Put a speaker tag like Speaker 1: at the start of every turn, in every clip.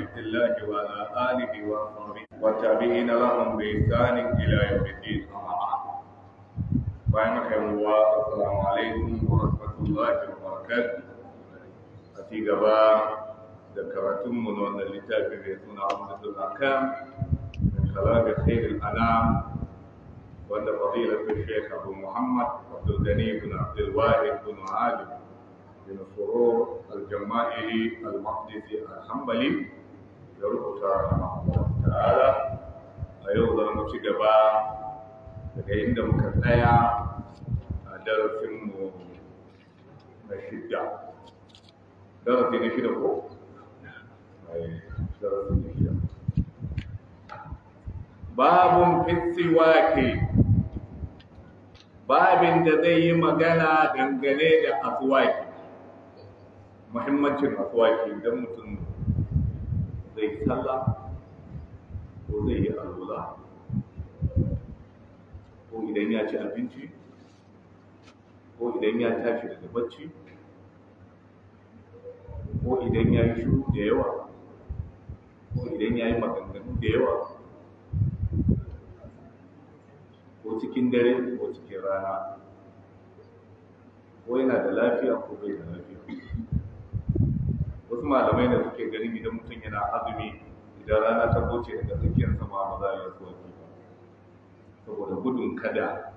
Speaker 1: عبد الله وعلى آله وصحبه وتابعين لهم بإحسان إلى يوم الدين أما بعد فإنك السلام عليكم ورحمة الله وبركاته أتي قبا ذكرتم من اللتاب بيتون عمدة الأحكام من خلاق خير الأنام وأن فضيلة الشيخ أبو محمد عبد الغني بن عبد الواحد بن عادل بن فروع الجمائري المقدسي الحنبلي da rubuta rahimahullah ta'ala a yau za mu ci gaba daga inda muka tsaya a darasinmu na shidda darasi na shida ko? darasi na shida babun fisiwaki babin da zai yi magana dangane da asuwaki muhimmancin asuwaki don mutum zai yi talla, ko zai yi alwala ko idan ya ci abinci ko idan ya tashi daga bacci ko idan ya yi shuru da yawa ko idan ya yi maganganu da yawa ko cikin dare ko cikin rana ko yana da lafiya ko bai da lafiya wasu malamai da suke ganin idan mutum yana azumi idan rana ta goce daga tsakiyar sama ba za a yi zuwa ba saboda gudun kada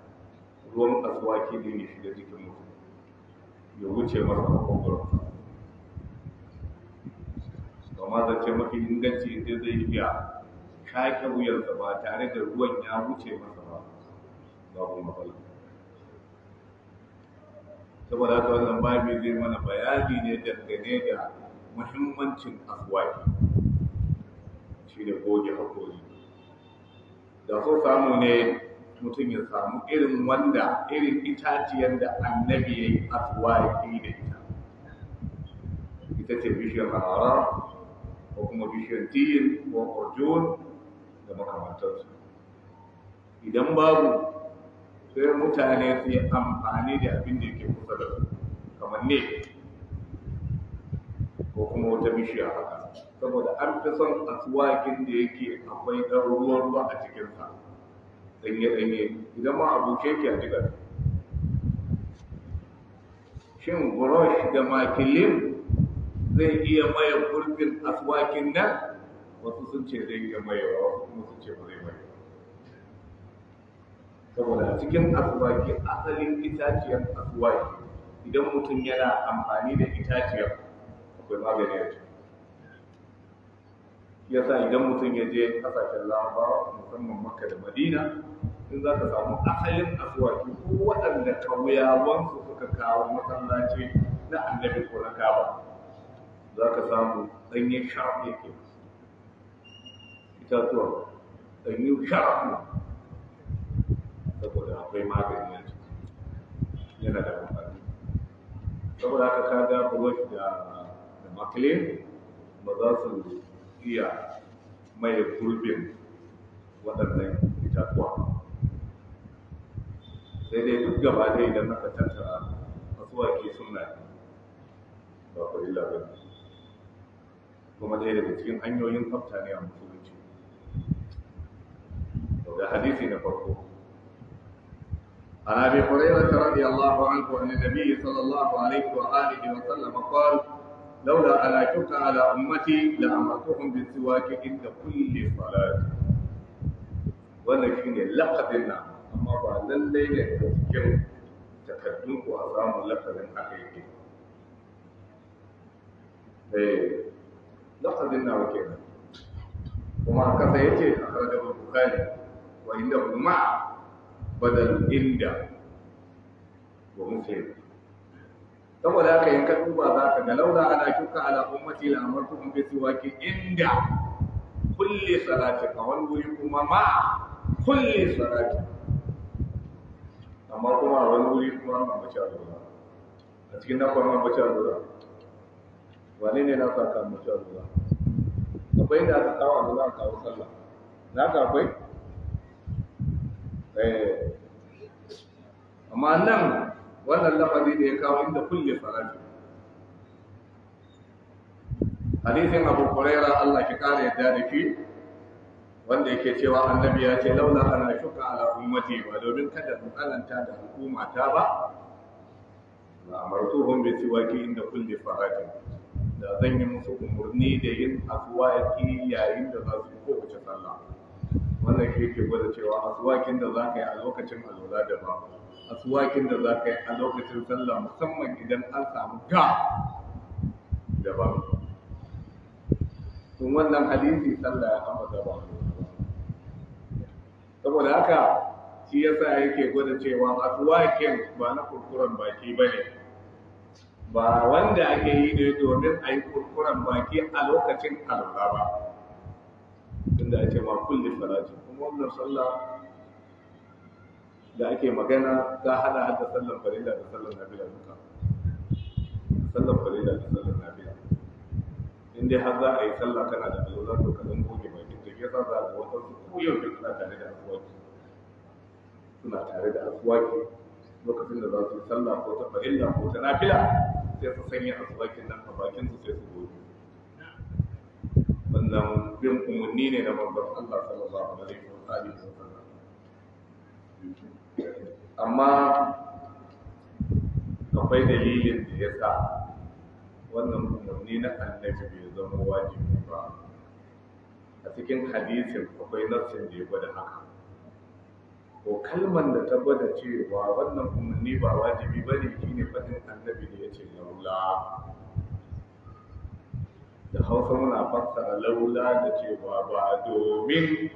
Speaker 1: ruwan asuwaki ne ya shiga jikin mutum ya wuce mara kwakwalwa kama zance mafi inganci sai zai iya kake wuyarsa ba tare da ruwan ya wuce masa ba babu matsala saboda haka wannan babi zai mana bayani ne dangane da muhimmancin akwai shi da goge haƙori da so samu ne mutum ya samu irin wanda irin itaciyar da annabi ya yi aswaki da ita ita ce bishiyar harara ko kuma bishiyar tiyin ko orjon da makamantarsu idan babu sai mutane su yi amfani da abin da yake kusa da su kamar ne ko kuma wata bishiya haka saboda an fi son asuwakin da yake akwai ɗan ruwan ruwa a cikinsa ɗanye-ɗanye idan ma abuke ke a jigar shin burosh da makilin zai iya maye gurbin asuwakin nan wasu sun ce zai iya maye wa wasu kuma sun ce ba zai maye saboda a cikin asuwaki asalin itaciyar asuwaki idan mutum yana amfani da itaciyar da magani a ya yasa idan mutum ya je kasashen lamba musamman makka da madina in za ka samu asalin asuwaki ko waɗanda kauyawansu suka kawo masallaci na annabi ko na kaba za ka samu ɗanyen sharaf yake itatuwa ɗanyen sharaf saboda akwai magani a yana da mafani saboda haka ka gafa da makile ba za su iya mai gurbin waɗannan itatuwa sai dai duk gaba dai idan aka tattara asuwa ke suna ba ba kuma ɗaya daga cikin hanyoyin tsafta ne a musulunci ga hadisi na farko عن ابي هريره رضي الله عنه عن النبي صلى الله عليه واله وسلم قال laula ala tuka ala ummati la amartuhum bi siwaki inda kulli salati wannan shine laqabin nan amma ba lallai ne ta cikin takardun ku a samu laqabin haka yake
Speaker 2: eh laqabin nan wake nan kuma haka sai
Speaker 1: yace a kada bukari wa inda kuma badal inda ba mu sai saboda haka in ka duba za ka ga laula ala shuka ala ummati la amartu hum bi siwaki inda kulli salati ka wani wuri kuma ma kulli salati amma kuma a wuri kuma an ambaci allura a cikin na kuma ambaci allura wani ne na saka ambaci allura akwai inda aka kawo allura kawo sallah Za ka akwai eh. amma nan wannan lafazi da ya kawo inda kulle salati hadisin abu kuraira Allah ki kare yadda da ki wanda yake cewa annabi ya ce laula ana shuka ala ummati ba domin kada mu tsananta da hukuma ta ba la amartuhum bi siwaki inda kulli faratin da zan yi musu umarni da yin aswaki yayin da za su yi kowace sallah wannan ke ke gwada cewa aswakin da za ka yi a lokacin alwala da babu asuwakin da za ka yi a lokacin sallah musamman idan an samu ga da ba tun wannan hadisi sallah ya da ba saboda haka shi yasa yake gwada cewa asuwakin ba na kurkuren baki ba ne ba wanda ake yi ne domin a yi kurkuren baki a lokacin alwala ba da ake ma kulli salati kuma wannan sallah da ake magana ta hada hada Sallan farilla da Sallan Nabila duka Sallan farilla da Sallan Nabila. in dai har za a yi sallah kana da alwala to ka goge bakin ka yasa za a ga wata su ko yau da suna tare da aswaki suna tare da aswaki lokacin da za su sallah ko ta farilla ko ta nafila sai su sanya aswakin nan a bakin su sai su goge wannan bin umarni ne na manzon Allah sallallahu alaihi wa alihi wa sallam amma akwai dalilin da ya sa wannan umarni na annabi bai zama wajibi ba a cikin hadisin akwai nassin da ya gwada haka ko kalman da ta gwada cewa wannan umarni ba wajibi ba ne shi ne faɗin annabi da ya ce laula da hausa muna fassara laula da cewa ba domin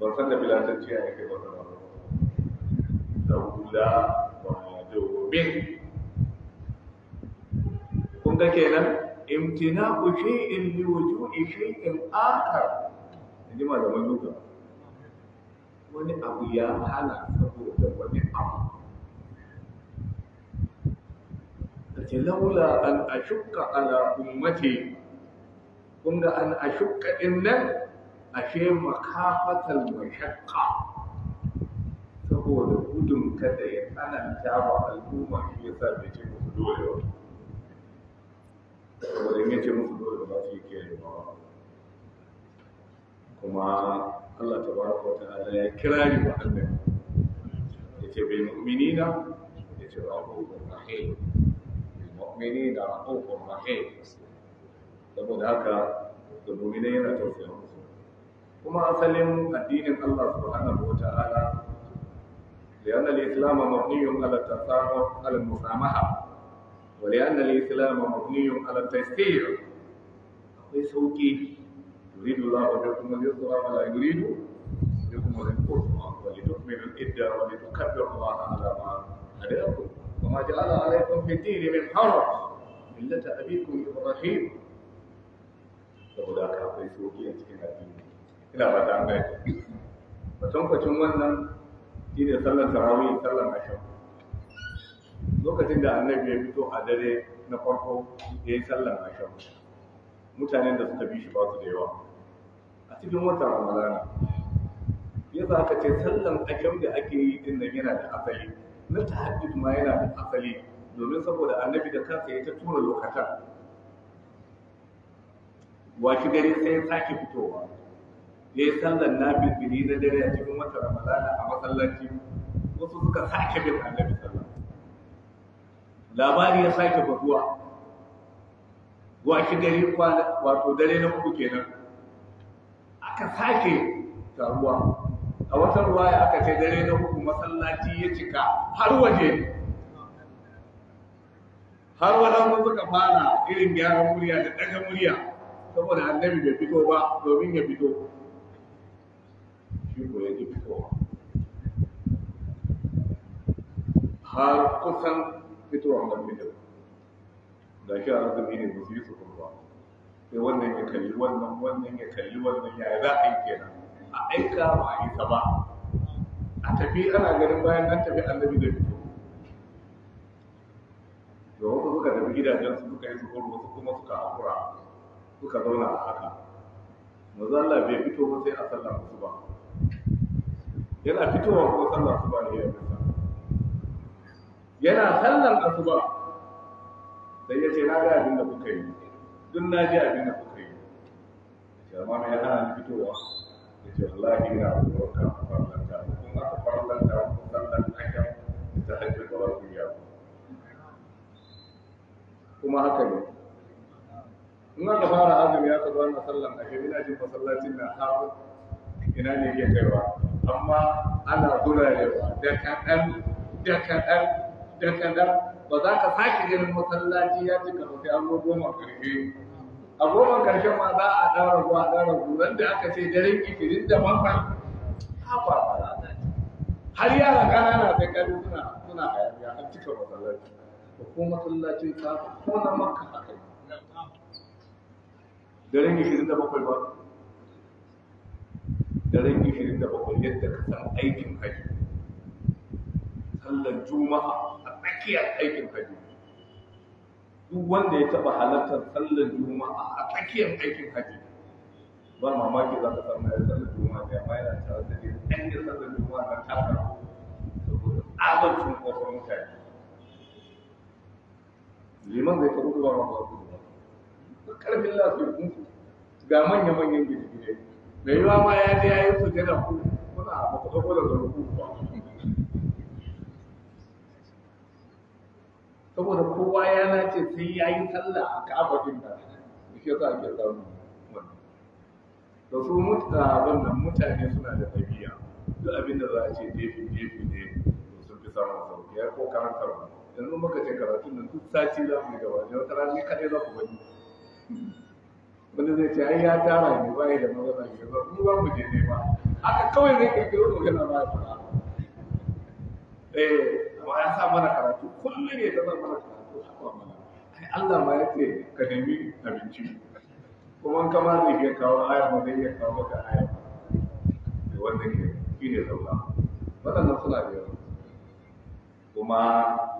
Speaker 1: ban san da filatanci a yake ba sana da hula ba domin kun ga kenan imtina'u shay'in li wuju'i shay'in akhar inji malaman duka wani abu ya hana saboda wani abu ce laula an ashukka ala ummati kun ga an ashukka din nan أشيء مخافة المحقة فهو لقدم كذا أنا متابع الأمة هي ثابتة مخدوية ولم يتم مخدوية ما في كلمة كما الله تبارك وتعالى يكرر المؤمن يتبع المؤمنين يتبع رؤوف رحيم المؤمنين رؤوف رحيم فهناك المؤمنين تفهمون وما أسلم الدين Allah subhanahu wa لأن الإسلام مبني على التسامح على المسامحة ولأن الإسلام مبني على التيسير أخي سوكي يريد الله بكم اليسر ولا يريد بكم العسر ولتكملوا الإدة ولتكبروا الله على ما هداكم وما جعل عليكم في الدين من حرج ملة أبيكم إبراهيم saboda haka akwai أنت a الدين ina ba ta gani batun kwacin wannan shi ne sallar tarawih sallar ashe lokacin da annabi ya fito a dare na farko ya yi sallar mutanen da suka bi shi ba su da yawa a cikin watan ramadana ya za ka ce sallar ashe da ake yi din nan yana da asali na tahajjud ma yana da asali domin saboda annabi da kansa ya ta tura lokacin washi gari sai ya sake fitowa ya yi sallar nafilfili na dare a cikin wata ramadana a masallaci wasu suka sake bin annabi sallallahu labari ya sake bazuwa washi gari wato dare na uku kenan aka sake taruwa a wata ruwaya aka ce dare na uku masallaci ya cika har waje har waɗansu suka fara irin gyaran murya da ɗaga murya saboda annabi bai fito ba domin ya fito shi ko yake fitowa har kusan fitowa kan fitar da shi a azumi ne ba su yi su kuma sai wannan ya kalli wannan wannan ya kalli wannan ya za a yi kenan a aika ba a yi ta ba a tafi ana ganin bayan an tafi annabi da fito da wasu suka tafi gidajen su suka yi su wasu kuma suka hakura suka zauna a haka manzo Allah bai fito ba sai a sallama su ba yana fitowa ko sallar asuba ne ya fita yana sallar asuba sai ya ce na ga abin da kuka yi duk na ji abin da kuka yi amma mai hana fitowa ya ce wallahi ina roƙa ku farlanta kun aka farlanta ku sallar ayyam ta hajjar da wasu kuma haka ne in aka fara azumi aka zo wannan sallan yi ina jin masallacin na haɗu ina ne ya kaiwa amma ana gurarewa da kaɗan da kaɗan da kaɗan ba za ka sake ganin masallaci ya cika ba sai an zo goma ƙarshe a goma ƙarshe ma za a ɗaura ruwa a ɗaura ruwan da aka ce daren ikirin da mafa haɓa ba za ta
Speaker 2: har yara ƙanana
Speaker 1: sai ƙari suna suna hayaniya an cika masallaci Ba ko masallacin ka ko na makka haka daren ikirin da bakwai ba daren 27 yadda ka san aikin haji sallar juma'a a tsakiyar aikin haji duk wanda ya taɓa halartar sallar juma'a a tsakiyar aikin haji ba mamaki za ka samu ya sallar juma'a da ma yana tare da ne ɗan ya sallar juma'a na taka saboda tsabar cunkoson mutane liman zai taɓa zuwa ma ba su zuwa ƙarfin lafiyar kunku ga manya-manyan gidigidai mai yiwa ma ya je ya yi su jada ku kuna ba ku sako da saboda kowa ya nace sai ya yi sallah a ka'abatin da shi yasa ake samu da su mutanen nan mutane suna da tabiya duk abinda da za ce jefi jefi ne sun fi samun sauki ya ko karantar yanzu muka ce karatun nan duk sati za mu yi gaba ne wata rana ne kaɗai za ku gani wanda zai ce ai ya tara ne ba da magana ne ba mu ba mu ne ba haka kawai zai kirkiro magana ba ya fara eh ba ya sa mana karatu kullum ya zama mana karatu a kuma mana ai Allah ma ya ce ka nemi abinci kuma kamar ne ke kawo aya ma zai iya kawo ka aya da wanda ke shi ne zauna waɗannan suna da yawa kuma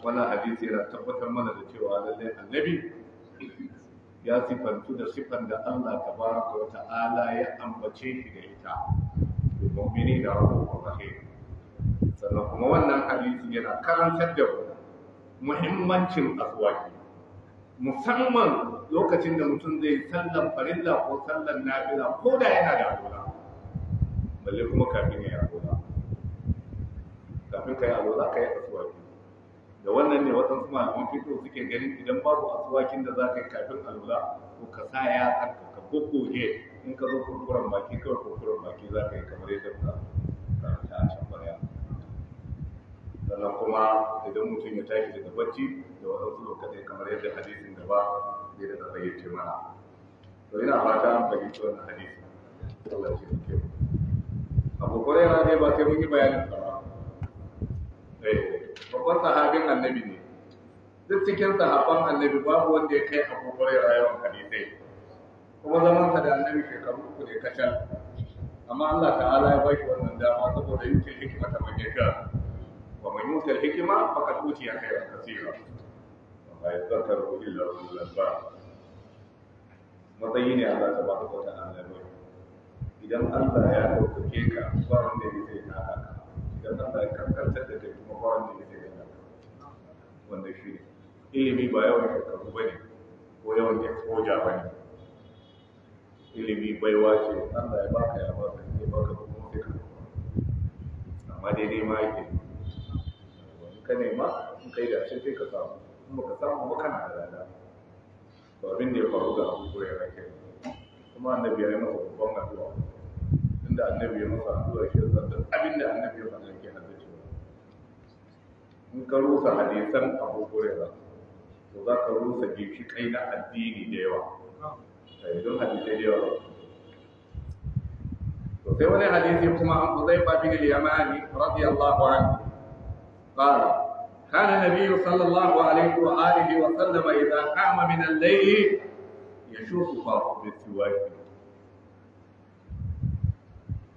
Speaker 1: wannan hadisi yana tabbatar mana da cewa lallai annabi ya sifantu da sifan da Allah ta baraka wa ta'ala ya ambace shi da ita bil da rahmanur rahim sannan kuma wannan hadisi yana karantar da mu muhimmancin aswaki musamman lokacin da mutum zai sallan farilla ko sallan nafila ko da yana da alwala balle kuma kafin ya alwala kafin ka yi alwala ka yi aswaki da wannan ne waɗansu malaman fito suke ganin idan babu asuwakin da za ka yi kafin alula ko ka sa ya tsarka ka kokoge in ka zo kurkuren baki kawai kurkuren baki za ka yi kamar yadda ka ta a can baya sannan kuma idan mutum ya tashi daga bacci da waɗansu lokacin kamar yadda hadisin da ba zai da ce mana to ina fata an fahimci wannan hadisin Allah ya ce ne ba sai mun yi bayanin ba babban sahabin annabi ne duk cikin sahaban annabi babu wanda ya kai abu huraira yawan hadisai kuma zaman sa da annabi shekaru uku ne kacal amma Allah ta'ala ya bashi wannan dama saboda yuke hikima ta manyan sha wa man yuke hikima ka
Speaker 2: faqad utiya khayran kaseera wa la yadhakkaru illa ulul ba.
Speaker 1: matsayi ne Allah ta baraka wa ta'ala idan Allah ya dauke ka ba wanda ya zai haka Idan Allah ya kankantar da kai kuma ba wanda ya zai gana wanda shi ne ilimi ba yawan shekaru ba ne ko yawan exposure ba ne ilimi baiwa ce Allah ya baka ya baka ya baka kuma sai ka amma daidai ma yake Wani ka nema in kai da shi sai ka samu in baka samu ba kana da rana to abin da ya faru ga abubuwa ya rake kuma annabi ya yi masa babban addu'a da annabi ya masa shi abin da annabi ya faɗa ke cewa in ka rusa hadisan abu to za ka rusa na addini da yawa don hadisai da yawa to sai wani hadisi kuma an huzaifa bin al-yamani radiyallahu anhu qala كان النبي صلى الله عليه وآله وسلم إذا قام من الليل يشوف بالسواك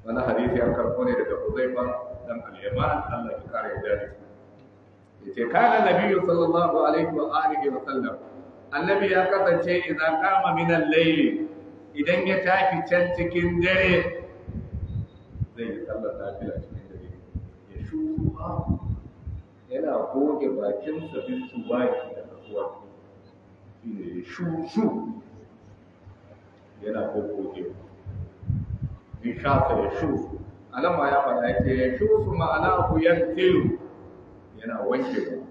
Speaker 1: wani hadisi an karɓo ne daga Huzaifa dan al-Yaman Allah ya kare da shi yace kana nabiyyu sallallahu alaihi wa alihi wa sallam annabi ya kasance idan kama min al-layli idan ya tafi can cikin dare zai yi sallar nafila cikin dare ya shuwa yana goge bakin sa bin suwa da kasuwa shine
Speaker 2: shu shu
Speaker 1: yana goge in shafa ya shu alama ya faɗa ya ce ya shu su ma'ana ku yantilu yana wanke ku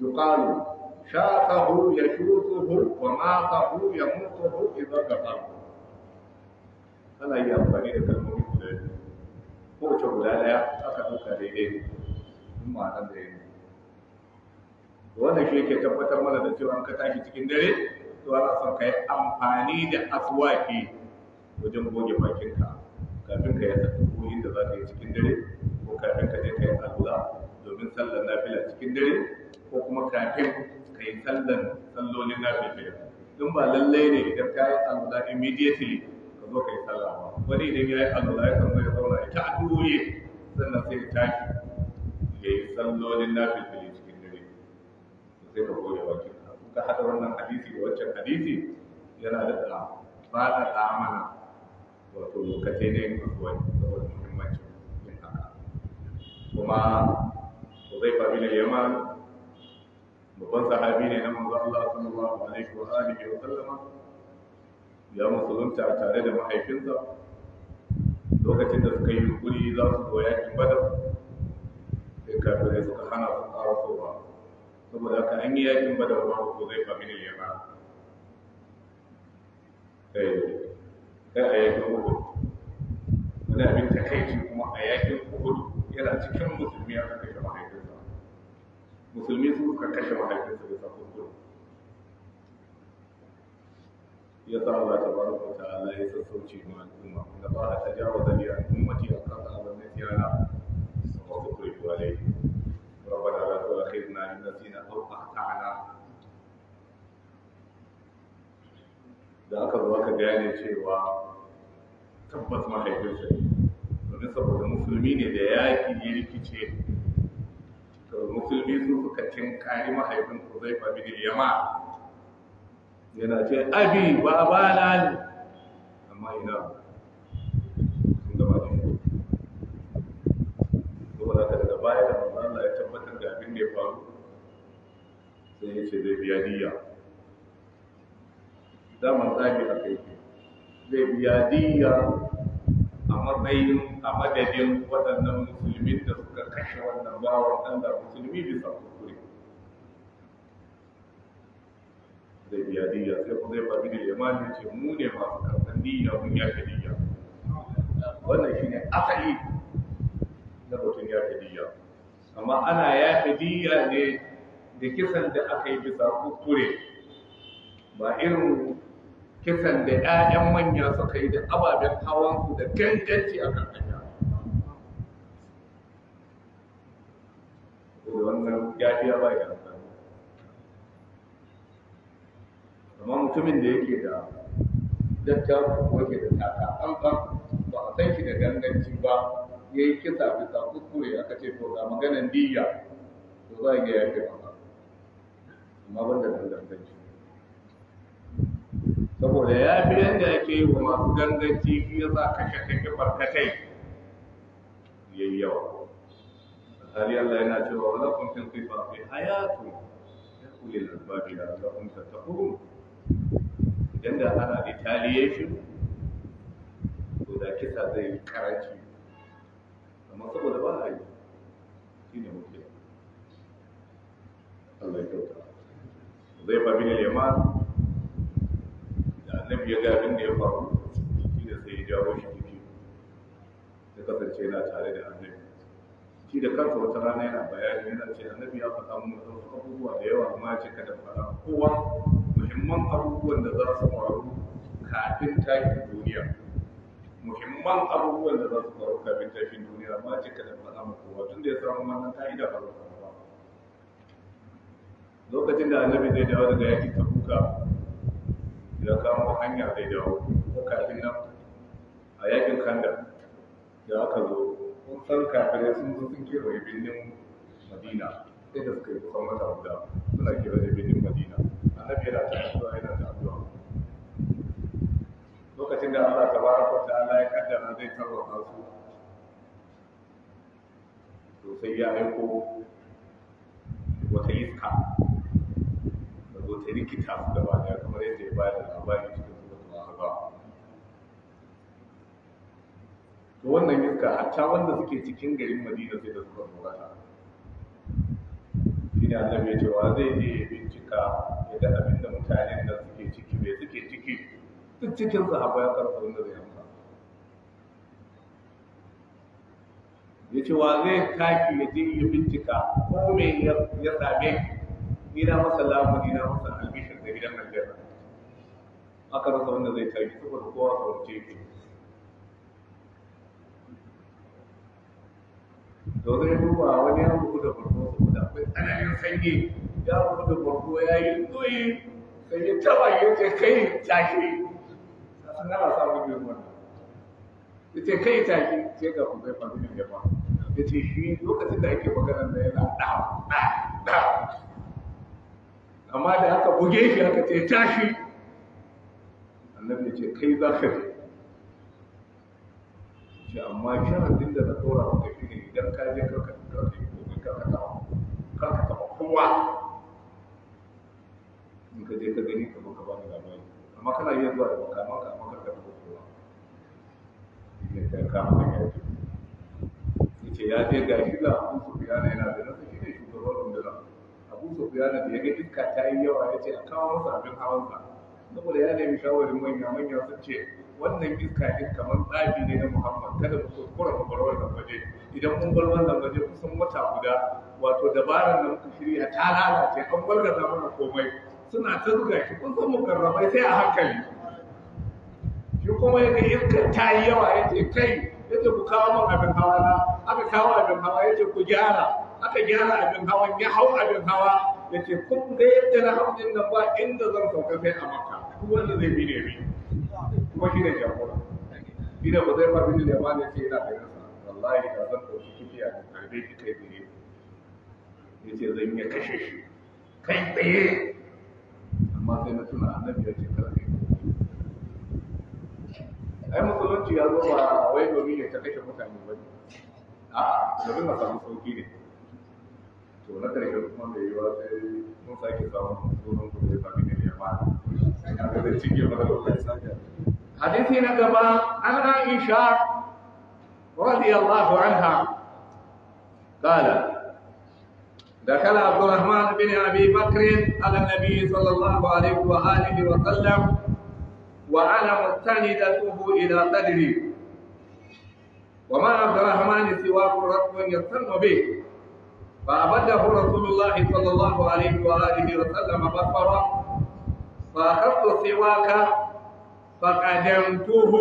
Speaker 1: yuqalu shafahu ya shu su wa ma sahu ya mutu hu idan ka samu ana yi amfani da kalmomi da biyu kowace guda ɗaya aka ɗauka daidai in ma'ana da yanzu wanda shi yake tabbatar mana da cewa an ka tashi cikin dare to ana son ka yi amfani da aswaki wajen goge bakinka kafin ka yi addu'o'i da za ka yi cikin dare ko kafin ka je ka yi allura domin sallar nafila cikin dare ko kuma kafin ka yi sallar sallolin nafila don ba lallai ne idan ka yi allura immediately ka zo ka yi sallah ba wani idan ya yi allura ya san ya zauna ya ta addu'o'i sannan sai ya tashi ya yi sallolin nafila cikin dare sai ka goya wakil ka haɗa wannan hadisi da waccan hadisi yana da Ba faɗaɗa mana wato lokacin ne yin abuwan saboda muhimmancin yin haka kuma zai faru da yamma babban sahabi ne na manzo Allah sallallahu alaihi wa alihi wa sallama ya musulunta tare da mahaifinsa lokacin da suka yi yunkuri za su zo yakin badar sai kafirai suka hana su karasowa saboda haka an yi yakin badar ba ko zai faru da yamma eh, da a yakin uhud wani abin ta takaici kuma a yakin uhud yana cikin musulmi kai da mahaifinsa musulmi su suka kashe mahaifinsa da sabon gudu ya sa Allah ta bar wa Allah ya sassauce ma al'umma da ba ta jawo zaliya ummati a kan abin da ya na wasu kurjuwa laifi da aka zo aka gane cewa tabbas mahaifinsa ne domin saboda musulmi ne da ya yi rikice to musulmi su suka tinkari mahaifin ku zai fa bin yama yana ce abi babana amma ina sun gaba da shi ka daga baya da Allah ya tabbatar da abin da ya faru sai ya ce zai biya diya zaman zafi a kai zai biya diya a matsayin a madadin waɗannan musulmi da suka kashe wannan bawan Allah musulmi bisa kuskure zai biya diya sai kuma zai faɗi da limani ce mu ne masu karɓar diya mun yake diya wannan shi ne asali na mutum yake diya amma ana yafe diya ne da kisan da aka yi bisa kuskure ba irin kisan da 'ya'yan manya suka yi da ababen hawansu da ganganci a karkashin da wannan yafiya ba ya amfani amma mutumin da yake da dattawa ko ke da taka an ba ba a san shi da ganganci ba ya yi kisa bisa kuskure aka ce to ga maganan diya to za a iya yafi ba amma ban da ganganci saboda ya fi yadda ke yi wa masu ganganci tv ya ka kashe ka barkatai ya yi yawa misali Allah yana cewa wala kun ba qisafi hayatu ya kulli da za kun tattaqun idan da ana retaliation to da kisa zai karanci amma saboda ba a yi ne muke Allah ya kyauta zai annabi ya ga abin da ya faru shi da sai ya jawo shi jiki ya kasance yana tare da annabi shi da kansa wata rana yana bayani yana ce annabi ya faɗa mun wasu abubuwa da yawa amma ya ce kada faɗa kowa muhimman abubuwan da za su faru kafin tashin duniya muhimman abubuwan da za su faru kafin tashin duniya amma ya ce kada faɗa mu kowa tun da ya samu wannan ka'ida ba za lokacin da annabi zai dawo daga yaƙi ta buka ya kamo hanya zai dawo kafin nan a yakin kanda da aka zo kun san kafirai sun zo sun kewaye birnin madina sai da suka yi kusan wata guda suna kewaye birnin madina A annabi da ta zuwa yana da abuwa. lokacin da Allah ta tabaraka wa Allah ya kaddara zai tarwata su to sai ya aiko wata iska zo ta rikita su gaba daya kamar yadda ya bayar da labari cikin suratul ba. to wannan iska hatta wanda suke cikin garin Madina sai da suka tsorata shi ne annabi cewa zai je ya bincika yadda abin da mutanen da suke ciki bai suke ciki duk cikin sahaba ya karɓi wanda zai amsa ya ce wa zai taki ya je ya bincika ko me ya same ki Ina na masa lamu ni masa albishir da gidan aljanna aka rasa wanda zai tashi saboda kowa tsorace wani ya bugu da farko saboda akwai tsananin sanyi ya bugu da ya yi tsoyi sai ya taba ya ce kai tashi sun gana samun yin wannan ya ce kai tashi sai ga kuma ya faru da jama'a ya ce shi lokacin da ake magana da yana da ɗa da amma da aka buge shi aka ce tashi annabi ce kai za ka je ce amma sharadin da na tsora maka shi ne idan ka je karka tuka ka yi gobe karka taɓa karka taɓa kowa in ka je ka gani ka zo ka ba ni labari amma kana iya zuwa da makaman ka amma karka taɓa kowa ne ta kama da ya ce ya je ga shi da abu su biya na yana da nasa shi ne shugaban rundunar abu sufiyana da ya ga iska ta yi yawa ya ce a kawo masa abin hawansa saboda ya nemi shawarin manya manya sun ce wannan iska din kamar tsafi ne na muhammad kada ku kura ku bar wannan waje idan mun bar wannan waje kusan wata guda wato dabarar da muka shirya ta lalace an wargaza mana komai suna ta zuga shi kun san mukarramai sai a hankali shi kuma ya ga iska ta yi yawa ya ce kai ya ce ku kawo min abin hawa na aka kawo abin hawa ya ce ku gyara aka gyara abin hawa ya hau abin hawa ya ce kun ga yadda na hau din nan ba inda zan sauka sai a makka duk wanda zai bi ne bi kuma shi ne jagora shi ne ba zai ba bin da ne ce yana da nasa wallahi da zan ɗauki kifiya da karbe shi kai tsaye ya ce zan iya kashe shi kai tsaye amma sai na tuna annabi ya ce karfe ai musulunci ya zo ba wai domin ya ta kashe mutane ba ne a domin masu samu sauki ne to na ƙarshe kuma mai yiwa sai mun sake samun sunan ku da ya ne ya ba da cike maka lokaci sake hadisi na gaba an aisha radiyallahu anha qala دخل عبد الرحمن بن ابي بكر على النبي صلى الله عليه واله وسلم وانا مستندته الى صدري وما عبد الرحمن سواه يستن به فأبده رسول الله صلى الله عليه وآله وسلم بصره فأخذت سواك فقدمته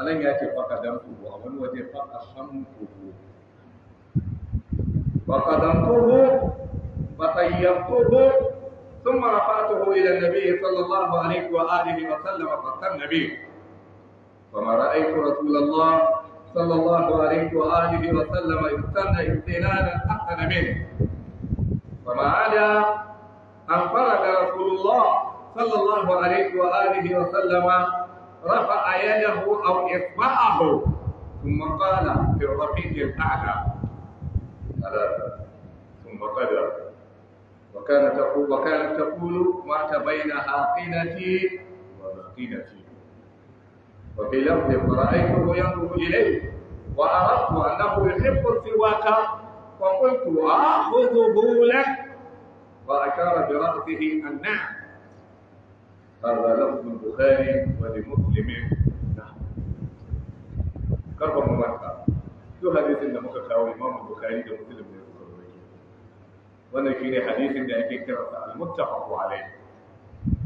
Speaker 1: ألن يأتي فقدمته أول وجه فقسمته فقدمته فطيبته ثم رفعته إلى النبي صلى الله عليه وآله وسلم فقال النبي فما رأيت رسول الله صلى الله عليه وآله وسلم استنى امتنانا أحسن منه وما عدا أن فرد رسول الله صلى الله عليه وآله وسلم رفع يده أو إصبعه ثم قال في الرقيق الأعلى ثم قدر وكانت تقول وكانت تقول مات بين حاقنتي وباقنتي وفي لفظ فرأيته ينظر إليه وأردت أنه يحب السواك فقلت آخذه لك فأشار برأسه النعم هذا لفظ البخاري ولمسلم نعم كرب ممكة شو حديث إن مكة أو الإمام البخاري ومسلم مسلم ne wannan حديث hadisin da ake kira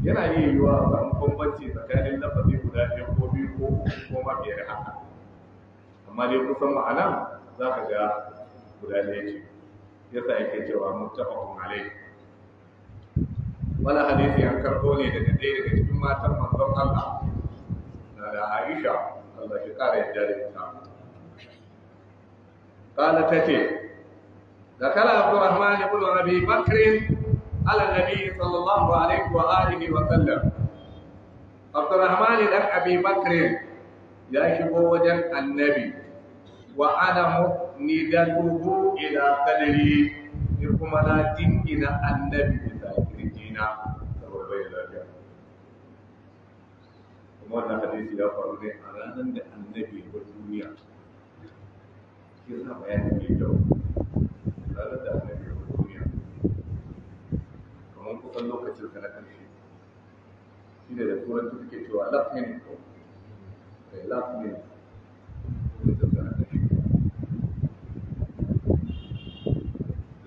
Speaker 1: yana iya yiwuwa a samu bambanci tsakanin lafazi guda biyu ko biyu ko uku ko ma fiye haka amma dai kusan ma'ana za ka ga guda ɗaya ce yasa yake cewa muttafaqun alayhi wani hadisi an karɓo ne daga ɗaya daga cikin matan manzon Allah na da Aisha Allah shi kara yadda da ita قال تتي ذكر عبد الرحمن بن ابي بكر على النبي صلى الله عليه وآله وسلم عبد الرحمن بن أبي بكر يا شبوجا النبي وأنا مقندته إلى قدري يقوم لا جنجنا النبي بذاكرتنا kuma wannan hadisi ya faru ne a ranar da annabi ya duniya shi yasa bayani mai kyau ranar da
Speaker 2: annabi kusan lokacin ka na ƙarshe shi ne da turanci suke cewa last minute ko eh, last minute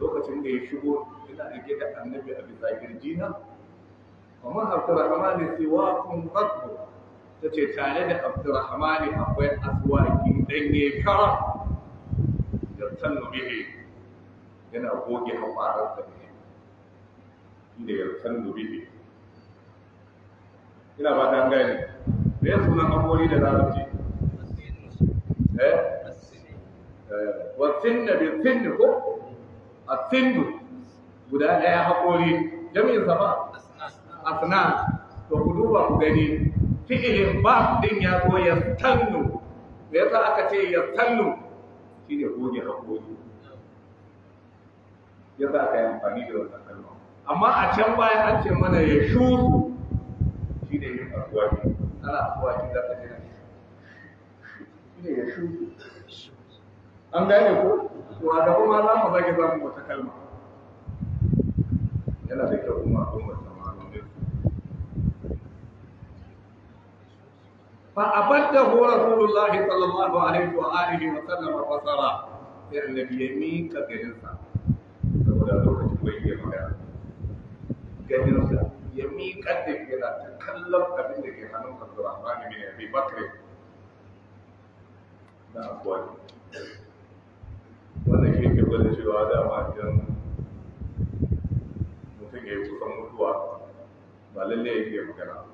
Speaker 1: lokacin da ya shigo ina rike da annabi a bisa girjina amma abdurrahman siwakun rabbu ta ce tare da abdurrahman akwai aswaki ɗanye kara da sannu bihe yana goge haƙwararsa ne inda yarfan bihi ina ba ta gane me ya sunan abubuwa da za su ce eh?
Speaker 2: eh
Speaker 1: wa sinna bi sinni ko a sinnu guda ɗaya hakori jami'in sama asna to ku duba ku gani fi'ilin ba din ya zo ya tannu me yasa aka ce ya tannu shine goge haƙori yasa aka yi amfani da wannan kalma amma a can baya an ce mana ya shuku shi ne yin ne ana aswaki za
Speaker 2: ka gina shi
Speaker 1: ne ya shuku an gane ko to a gaba ma za mu zage mu wata kalma yana da kyau kuma a kuma samanin fa abaddahu rasulullahi sallallahu alaihi wa alihi wa sallam wa sara sai annabi ya mika garinsa saboda lokacin bai yi magana ganinsa ya miƙar da yana ta kallon abin da ke hannun abdurrahman bin abi bakre na akwai wannan shi ke gwada cewa dama idan mutum ya yi kusan mutuwa ba lalle ya ke magana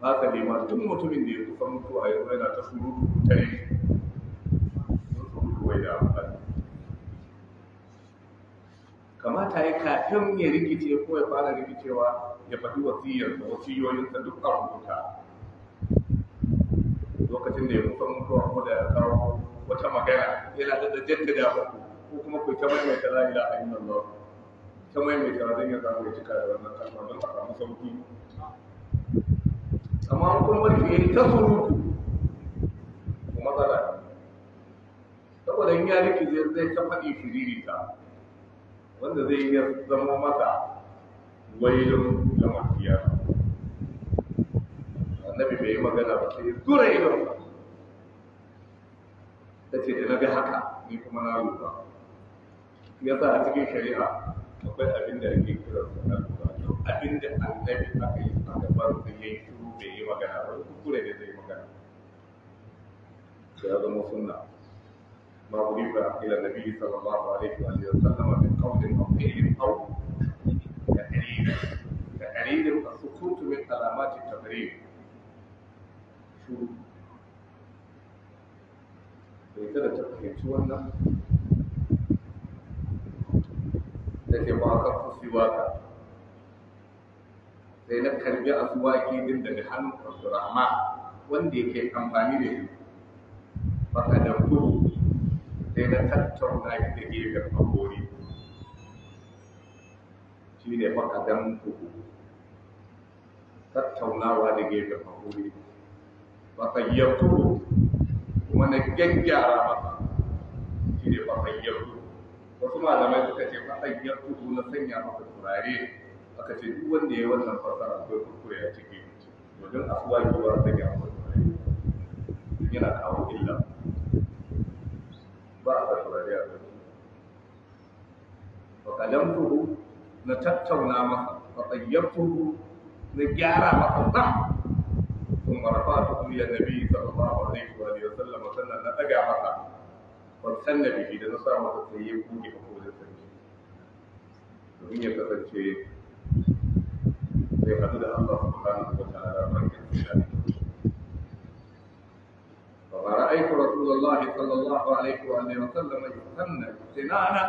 Speaker 1: haka ne masu duk mutumin da ya kusan mutuwa ya na ta surutu tare surutu wai da amfani kamata ya kafin ya rikice ko ya fara rikicewa ya faɗi wasiyar da wasiyoyinsa duk a rubuta lokacin da ya kusa mutuwa ko da ya kawo wata magana yana da da ku ko kuma ku ta mai ta la ilaha illallah ta mai mai tara zan ya samu ya cika da wannan kalma don a samu sauki amma an kuma wani yi ta surutu matsala saboda in ya rikice zai ta faɗi firirita wanda zai iya zama mata wailun ga mafiya annabi bai yi magana ba sai tura ido ta ce da na ga haka ni kuma na lura ya sa a cikin shari'a akwai abin da ake kira na lura abin da annabi aka yi a gabar da ya yi shuru bai yi magana ba tura ne zai magana ya zama suna. باب ريبا الى النبي صلى الله عليه واله وسلم من قول او فعل او تحرير تحرير السكوت من علامات التمرير bai kada ta fahimci wannan da ke ba ka kusi waka sai na karbi a su waki din daga hannun abdurrahman wanda yake amfani da ya baka da kuru sai na tattauna shi da gefen hakori shi ne ma'adan kuku tattaunawa da gefen hakori ba fayyartu kuma na gyaggyara masa shi ne ba fayyartu wasu malamai suka ce ba fayyartu na sanya masa turare ka ce duk wanda ya wannan fasara akwai kuskure a ciki wajen asuwa ki ba sanya masa turare yana kawo illa ba a faturare a kansu wa kalamtuhu na tattauna maka wa qayyabtuhu na gyara maka ba kun marfatu ya nabi sallallahu alaihi wa alihi sallama sannan na ɗaga maka wa sannabi da na sa maka sai ya kuke a kodin sarki domin ya kasance zai haɗu da Allah subhanahu wa ta'ala barkin shi ورأيت رسول الله صلى الله عليه وآله وسلم يستنى سنانا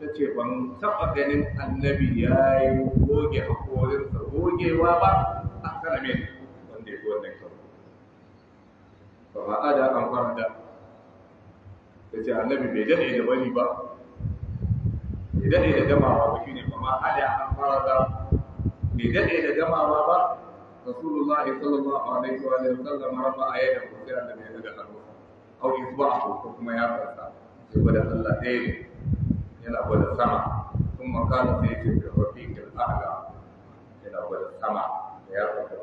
Speaker 1: تتي بان تبقى جنين النبي يا يوجي حقورين سوجي وابا أحسن من وندي يقول لك فما أدى أن فرد تتي النبي بيدعي لولي با بيدعي لجماعة وشيني فما أدى أن فرد بيدعي لجماعة با rasulullah sallallahu alaihi wa sallam rafa ayatan ko sai annabi ya daga hannu au isba'ahu kuma ya farka sai gwada Allah ɗaya yana gwada sama sun makana sai ce da rafiqil a'la yana gwada sama da ya farka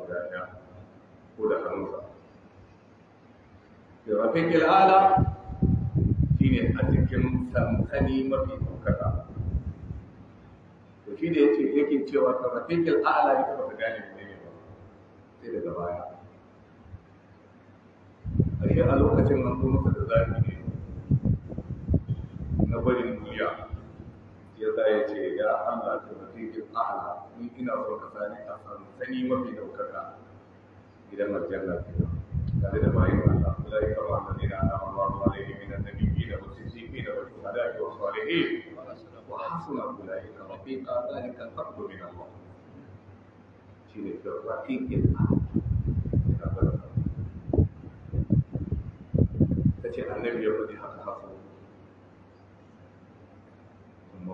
Speaker 1: ko da hannunsa da rafiqil a'la shine a cikin sansani mafi ɗaukaka to shi ne yake cewa ta rafiqil a'la ita ba ta gane sai daga baya ashe a lokacin an zo masa da zafi ne na barin duniya ya sa ya ce ya Allah ta mafi jin ahala ni ina so ka sani a san sani mafi daukaka idan aljanna ce tare da bayan Allah ulai ka ba da dina na Allah wa alaihi min annabiyyi da mutsisifi da ba shuhada suna salihin wa hasuna ulai ka rafiqa zalika al-fadlu min Allah shi ne shawara fikin ta ce annabi ya faɗi haka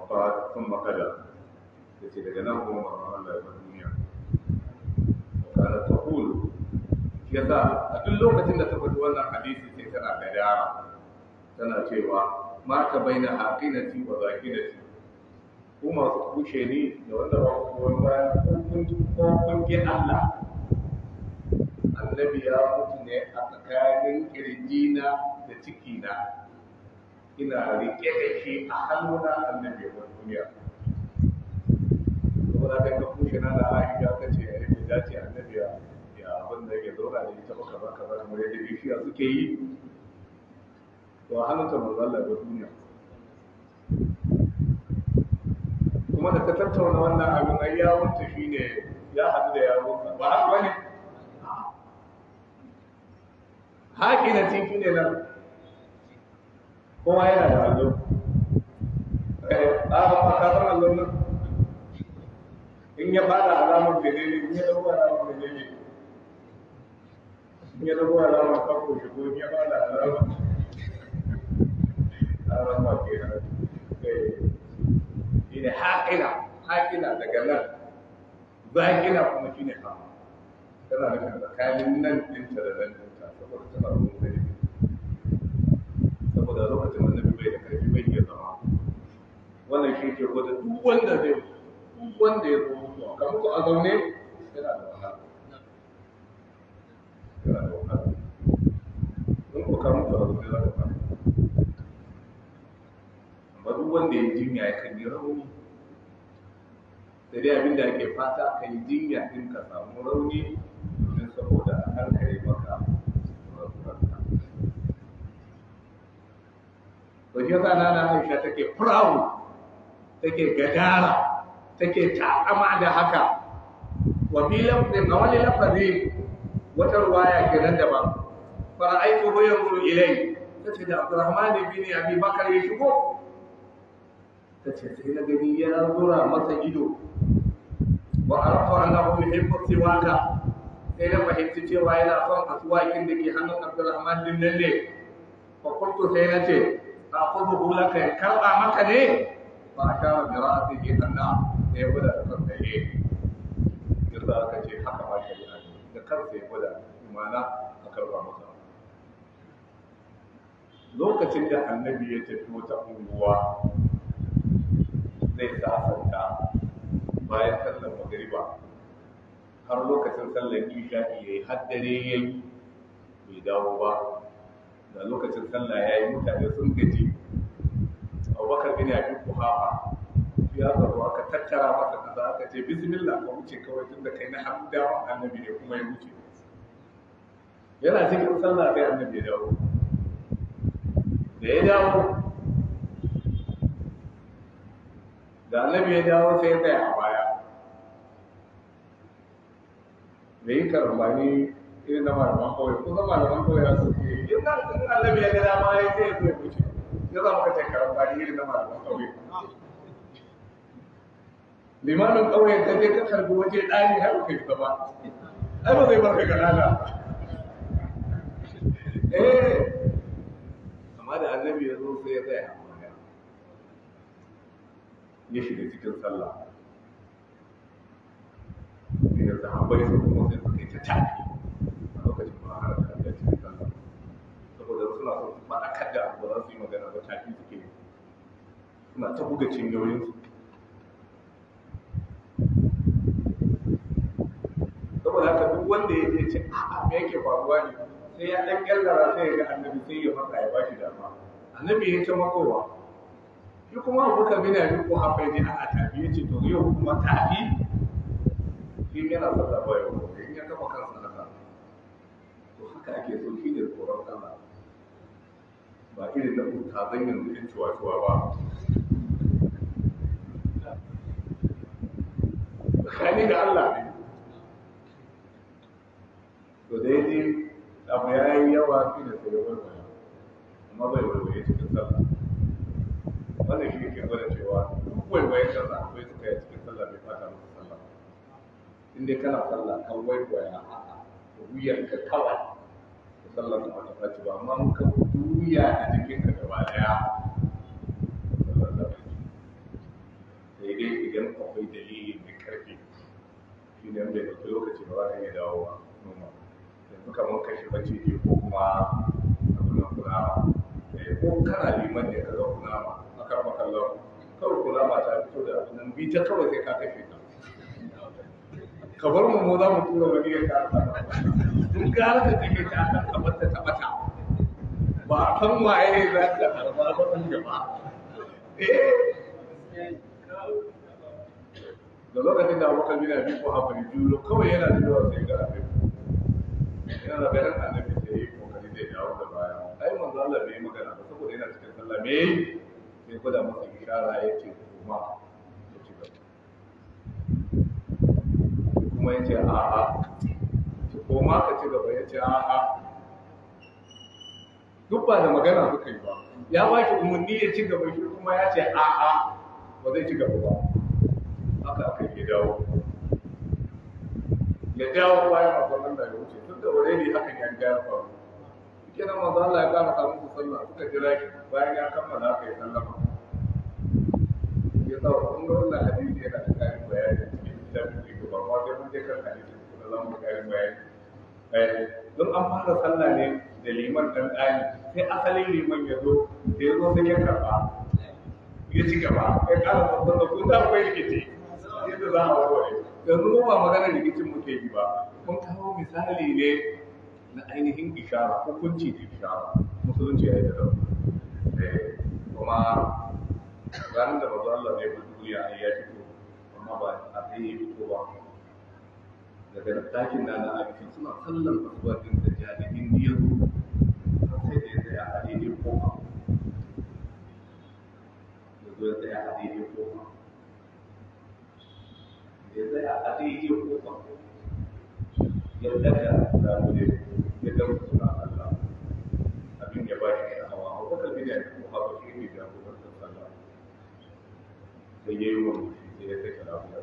Speaker 1: haka sun makada ta ce daga nan kuma ma'amma Allah ya bar duniya kana ta hulu ya sa a duk lokacin da ta faɗi wannan hadisi sai tana gadara tana cewa ma ta baina haƙinati wa zaƙinati Kuma su kushe ni da wanda ba ku wani bayan ko kun ki Allah annabi ya mutu ne a tsakanin kirjina da cikina ina rike da shi a hannuna annabi ya wani duniya saboda kan ka kushe na da aisha ka ce ya yi dace annabi ya abin da ya zauna da ita maka ba kamar yadda bishiya suke yi to a hannun ta manzalla ga duniya wanda ta tattauna wannan abin ai wuce shi ne ya haɗu da yaro? ba haka bane haƙi na tiki ne nan kowa yana da allo eh, a ba ka san allon nan in ya bada alamar da daidai in ya dauka alamar da daidai in ya dauka alamar kako shigo in ya bada alamar
Speaker 2: alamar ke nan eh. shine
Speaker 1: haƙila haƙila daga nan zaƙila kuma shine hawa tana da nufin tsakanin nan ɗin ta da nan ɗin ta saboda tana rumun gari saboda lokacin da annabi bai da ƙarfi bai iya zama wannan shi ke gwada duk wanda zai duk wanda ya zama zuwa kamar ko a zaune yana da wahala yana da wahala don ku kamar ku a zaune za ka ba wanda ya jinya ya kan yi rauni da dai abinda ake fata ka yi jinya din ka samu rauni domin saboda har ka yi maka rasuwarka to shi yasa nana Aisha take proud take gadara take ta'ama da haka wa fi lafzin a wani lafazi wata ruwaya kenan fara fara'aitu hu yanzuru ilai ce da Abdurrahman bin Abi Bakar ya shigo ta ce sai na gani yana zura masa ido wa arfa lahu hibbu siwaka sai na fahimci cewa yana son asuwakin da ke hannun Abdulrahman bin Lalle fa kuntu sai na ce a kudu laka ya karba maka ne ba a kama bira a cikin hannu sai ya gwada kan tsaye yadda aka ce haka ba ma ke da kansa ya gwada imana a karba maka lokacin da annabi ya tafi wata unguwa zai santa bayan sallar magariba har lokacin sallar isha'i ya yi haddare ya yi bai dawo ba da lokacin sallah ya yi mutane sun gaji abubakar bin abi kuhafa ya zaro aka tattara masa kaza aka ce bismillah ka wuce kawai tun da kai na haɗu annabi ne kuma ya wuce yana cikin sallah sai annabi ya dawo da ya dawo da annabi ya dawo sai ya tsaya a baya da yi karambani irin na malaman kawai ko zama malaman kawai ya su ke yin da annabi ya gada ma ya sai ya zo ya wuce ya zama ka ce karambani irin na malaman kawai limanin kawai ta je ka karbi waje ɗani har kai ba ai ba zai barka kanana eh amma da annabi ya zo sai ya tsaya ya shiga cikin sallah da sahabbai su kuma sai suka yi ta tafi a lokacin ba har da cikin sallah saboda suna so ba a kada ba za su yi magana ba tafi suke suna ta buga cinyoyin su saboda haka duk wanda ya ce ce a me yake faruwa ne sai ya dan gallara sai ya ga annabi sai ya farka ya bashi dama annabi ya ce makowa shi kuma abubakar bin yi ko hafa ne a tafi yace to yau kuma tafi shi yana sallah ba yau in ya kafa kansa na haka to haka ake so shi ne tsoron Allah ba irin na kuta zan yanzu in tuwa-tuwa ba tsakani da Allah ne to dai dai abu ya yi yawa shi da sai ya warware amma bai warware cikin sallah wannan shi yake gwada cewa waiwayen da za a kai suka yi cikin sallah bai fata maka sallah in dai kana sallah kan waiwaya a'a wuyan ka kawai da sallah ta mata fati ba amma muka duya da jikin ka gaba daya sai dai idan akwai dalilin mai karfi shi ne bai ɗauki lokaci ba za ka iya dawowa noma yanzu kamar kashe bacci ne ko kuma abin nan kulawa eh, ko kana liman ne ka ga kulawa. karba kallon kawai kula ba ta fito da nan bi ta kawai sai ka kashe ka ka bar mu za mu tura wani ya kasa in ka harka kake ta kan ka bata ta bata ba a san waye za ka harba ba san jama'a eh da lokacin da abokan yana bi ko haɓari juyo kawai yana da yawa sai ga abin yana da bayan annabi sai kokari zai dawo da baya ai manzo Allah bai magana ba saboda yana cikin sallah me sai gwada masa ishara ya ce kuma ya ci gaba kuma ya ce a'a koma ka ci gaba ya ce a'a duk ba da magana suka yi ba ya ba shi umarni ya ci gaba shi kuma ya ce a'a ba zai ci gaba ba haka aka yi dawo ya dawo bayan abin Allah ya wuce duk da wuri ne hakan ya ga faru kina manzo Allah ya kama samun ku sallah suka jira ki bayan ya kammala aka yi sallama ya tsawo kun ga wannan hadisi yana da kayan bayani cikin littafin ke gaba ma sai mun je kan hadisi kuma za mu kayan bayani eh, don an fara sallah ne da liman dan ɗani sai asalin liman ya zo sai ya zo sai ya karɓa ya ci gaba ya ƙara sassan da kun ta kai rikici yadda za a warware yanzu mu ba maganar rikicin muke yi ba mun kawo misali ne na ainihin ishara hukunci da ishara musulunci ya yi da kuma ranar da mazu Allah zai fito duniya a ya fito amma ba a tsaye ya fito ba daga takin na na abishin suna sallan kasuwa din da jami'in biyar sai da ya tsaya a daidai koma ya zo ya tsaya a daidai koma ya tsaya a daidai koma
Speaker 2: ya daga ramu daidai ya zama suna Allah abin ya ba shi sha'awa a wata
Speaker 1: kalbi da kuma haɓa shi ne da kuma sun sallah sai ya yi wani shi sai ya kai lafiya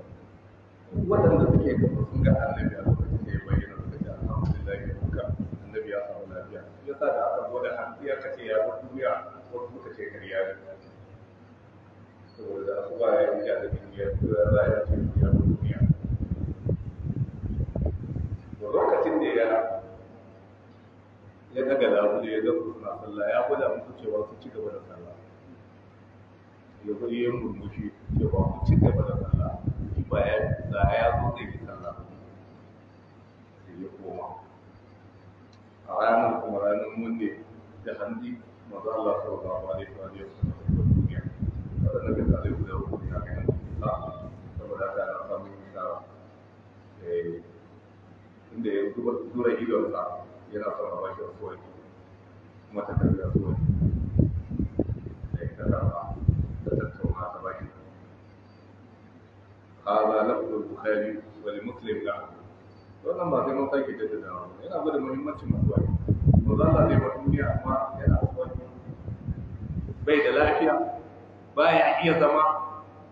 Speaker 1: waɗanda suke gaba sun ga annabi a lokacin da ya bayyana suka
Speaker 2: ce alhamdulillah ya duka annabi ya samu lafiya ya sa da aka zo da hannu ya kace ya bar duniya
Speaker 1: wasu ka ce karya ne saboda su ba ya yi da duniya za ya ce ya bar duniya lokacin da ya ya daga labule ya zama kuma Allah ya gwada muku cewa ku ci gaba da sallah ya gwada ya murmushi cewa ku ci gaba da sallah shi ba ya za a ya zo zai yi sallah sai ya koma a ranar kuma ranar munde da handi maza Allah sallallahu alaihi wa ne ya duniya wadanda tare guda uku eh, ya ga sa ta na samun inda tura idon sa yana son a bashi alkawari kuma ta karbi alkawari da ya karama da tattauna ta bashi هذا لفظ wani ولمسلم له wannan ba sai mun sake jaddada ba yana gwada muhimmancin mutuwa ba za a zai ba duniya amma yana wani bai da lafiya ya iya zama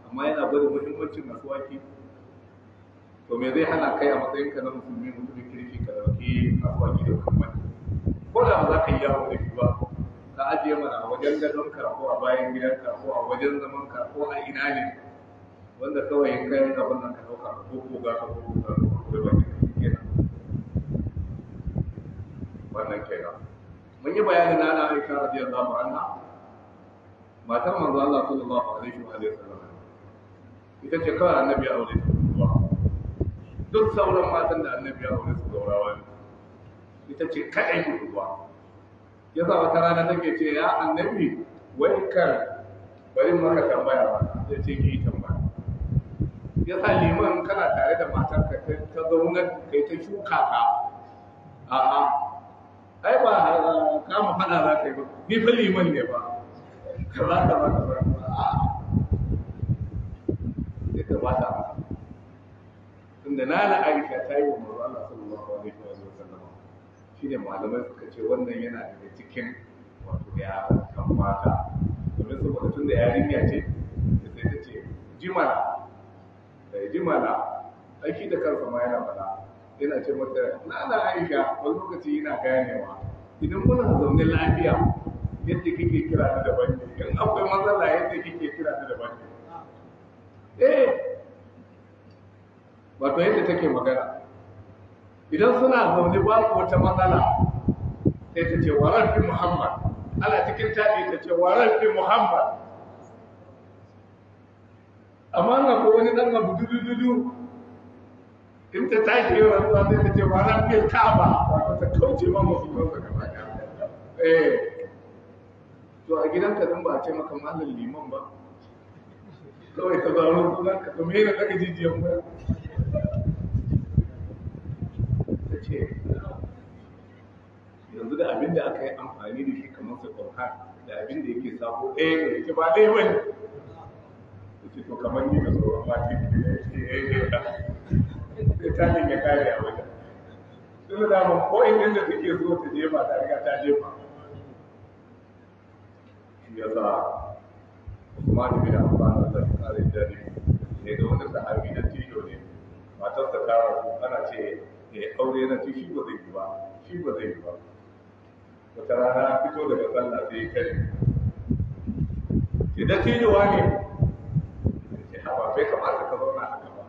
Speaker 1: amma yana gwada muhimmancin masuwaki to me zai hana kai a matsayinka na musulmi mutum baki da kuma ko da za ka yi yawo da shi ba ka ajiye mana a wajen gadon ko a bayan gidan ko a wajen zaman ka, ko a ina ne wanda kawai in kai ka wannan ka dauka ko ko ga ka ko ga ko da baki kenan wannan kenan mun yi bayanin na Ana Aisha radiyallahu anha matar manzo Allah sallallahu alaihi wa sallam ita ce kawai annabi ya aure ta duk sauran matan da annabi ya aure su gaurawa ne ita ce kaɗai, ruwa ya sa wata rana take ce ya annabi wai kan bari maka tambaya ba ya ce ki tambaya ya sa liman kana tare da ka ta zauna kai ta shuka ka a'a ai ba kama fada za ka yi ba ni fa liman ne ba ka za ka ba ka ba a'a ya ta ba ta tunda na na aisha ta yi wa manzo Allah sallallahu alaihi wa shi ne malamai suka ce wannan yana daga cikin wato ya kamata domin saboda tun da yarinya ce da sai ta ce jimala eh, jimala aiki da kansa ma yana bala yana ce mata na na aisha wani lokaci yana ganewa idan muna zaune lafiya yadda kike kira ta daban ne in akwai matsala yadda kike kira ta daban ne eh wato yadda take magana idan suna zaune babu wata matsala sai ta ce warar fi muhammad Ala cikin taɗi ta ce warar fi muhammad amma na ko wani ɗan abu dudududu in ta tashi yau rantsuwa sai ta ce warar fi kaba wato ta kauce ma mafi ga gaba ɗaya
Speaker 2: eh.
Speaker 1: to a gidanka ɗin ba a ce maka malin liman ba kawai ka zaune sunan ka kuma yana daga jijiyan ba ce yanzu da abin da aka yi amfani da shi kamar su ƙwarka da abin da yake sabo ɗaya ne ita ba ɗaya ba ne da ce to kamar ni da tsoron fati ne ya ce ya yi ɗaya sai talin ya kare a wajen sun da mun ko in yadda suke so ta jefa ta riga ta jefa shi ya sa kuma da bin amfani da tsarin jari ne da wani sahabi da tijo ne matarsa ta rasu ana ce ya eh, aure na ci shi ba zai yi ba shi ba zai yi ba wata rana fito daga sallah sai ya kare ce yi wani. ne ce haɓa bai kamata ka zauna haka ba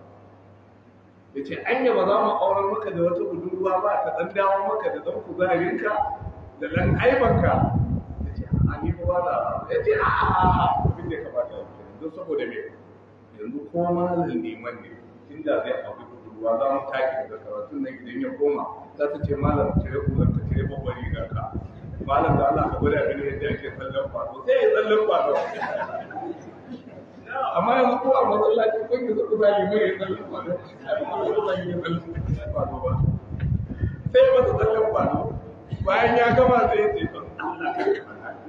Speaker 1: ya ce anya ba za mu aurar maka da wata
Speaker 2: budurwa ba
Speaker 1: ta ɗan dawo maka da ɗan kuzarinka da ɗan aibanka ya ce a ni ba da ya ce a a a abin da ya kamata ya ce don saboda me yanzu ko ma liman ne inda zai abu wa za mu take da karatun nan idan ya koma za ta ce malam cire kular ta cire babbar rigar ka malam da Allah ka gwada gani yadda ake tsallan kwado sai ya tsallan kwado amma yanzu ko a masallaci ko ki zaku zali mai ya tsallan kwado sai ba ta tsallan kwado bayan ya gama sai ya ce Allah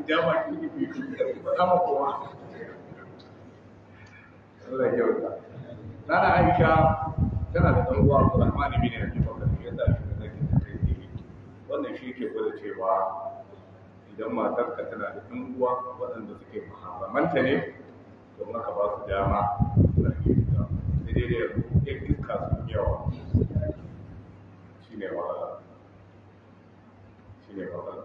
Speaker 1: ka ba ki ki ba kama kowa Allah ya kyauta. Aisha tana da ɗan uwa Abdurrahman bin Abi Bakr ya sa shi da zaki da kai wannan shi ke gwada cewa idan matarka tana da ɗan uwa waɗanda suke
Speaker 2: muharramanta ne
Speaker 1: to maka ba su dama suna iya fita sai dai da yanzu ya iska sun yawa shi ne wahala shi ne wahala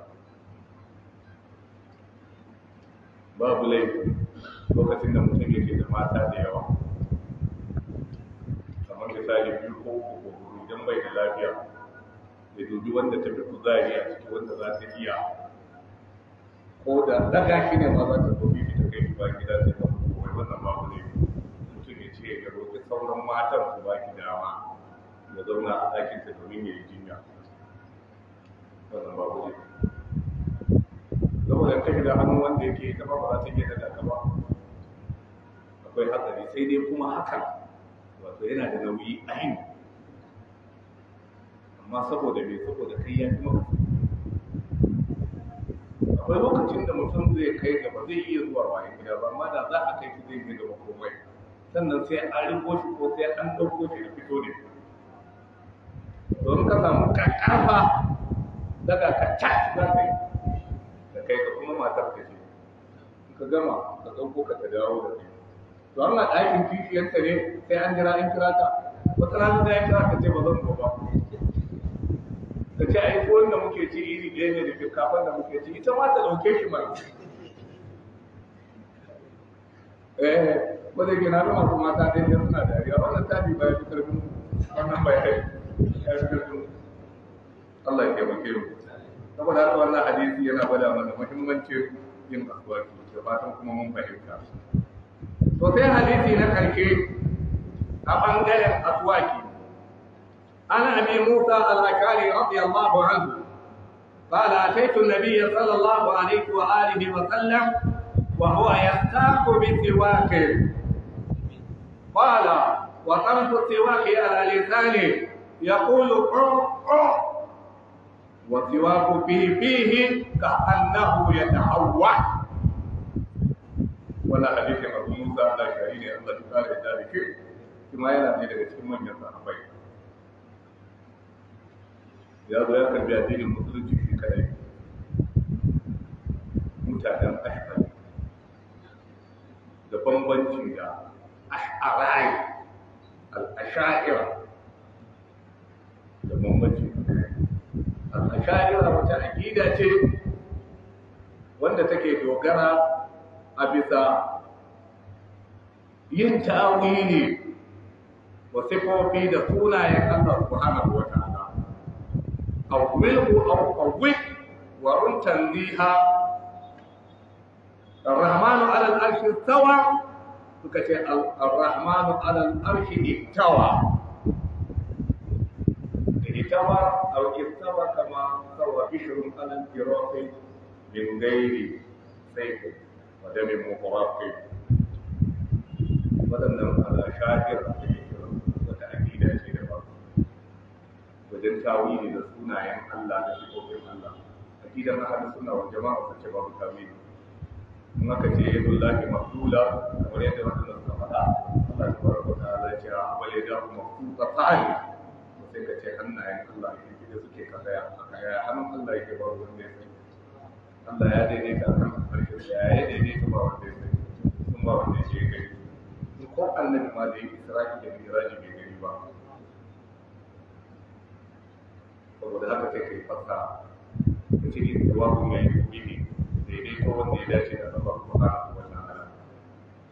Speaker 1: babu laifin lokacin da mutum yake da mata da yawa misali biyu ko uku hudu idan bai da lafiya ya dubi wanda ta fi kuzari a ciki wanda za ta iya ko da daga shi ne ma za ta dubi shi ta kai shi ba gida ta kuma wai wannan babu ne mutum ya ce ya roƙi sauran matan su ba ki dama ya zauna a ɗakin ta domin ya yi jinya wannan babu ne saboda ta gida hannun wanda yake ta ba ba za ta iya daga ba akwai hatsari sai dai kuma hakan wato yana da nauyi a yi amma saboda mai saboda kai ya fi maka
Speaker 2: akwai lokacin da mutum
Speaker 1: zai kai gaba zai iya zuwa wani gida ba amma da za a kai shi zai yi gaba komai sannan sai an riko shi ko sai an ɗauko shi da fito ne don ka samu kakafa daga ka cak za ka yi da kai ka kuma matar ka ce ka gama ka ɗauko ka ta dawo da kai to Allah ɗakin kishiyarta ne sai an jira an kira ka. wata rana za ya kira ta ce ba zan zo ba Ka ce ai ko wanda muke ci iri ɗaya ne da kafin da muke ci ita ma ta ɗauke shi mai eh ko da ke na da masu mata ɗaya da suna dariya wannan tabi ba ya fi karfin wannan bayanai ya fi karfin Allah ya taimake mu saboda haka wannan hadisi yana gwada mana muhimmancin yin asuwa ke fatan kuma mun fahimta to sai hadisi na karshe a bangaren aswaki an abi musa al-akari radiyallahu anhu قال أتيت النبي صلى الله عليه وآله وسلم وهو يستاق بالسواك قال وطرف السواك على لسانه يقول والسواك به فيه كأنه يتعوه wannan hadisin abu musa allah shari ne allah shi kare da shi? kuma yana ɗaya daga cikin manyan sahabbai ya zo ya karbi addinin musulunci shi kadai mutanen ashari da bambanci da ash'arai al'asha'ira da bambanci al'asha'ira wata aƙida ce wanda take dogara a bisa وثقوا ta'awili wa sifofi الله سبحانه وتعالى subhanahu wa ta'ala awwilhu aw qawwi wa الرحمن على الأرش استوى سكتي الرحمن على الأرش اكتوى اكتوى او اكتوى كما سوى بشر على الفراق من غير سيفه ودم مفرق waɗannan alashahir wata aƙida ce da ba wajen tawili da sunayen Allah da sifofin Allah na ahadu suna wa jama'a su ce babu tawili in aka ce yadu lahi mafdula kamar yadda wannan suka faɗa Allah ta baraka ta ala ce wal yadahu mafduta ta'ali sai ka ce hannayen Allah ne da suke kasaya a kaya hannun Allah yake babu wanda ya sani Allah ya daidaita kan ya ya ɗaiɗai ta ba wanda ya sani sun ba wanda ya ko annabi ma da ya isra'i da miraji bai gari ba saboda haka sai kai fasa ta ce ni kuwa kun mai yi kuɗi ne daidai ko wanda ya dace da Allah ko ka wannan ala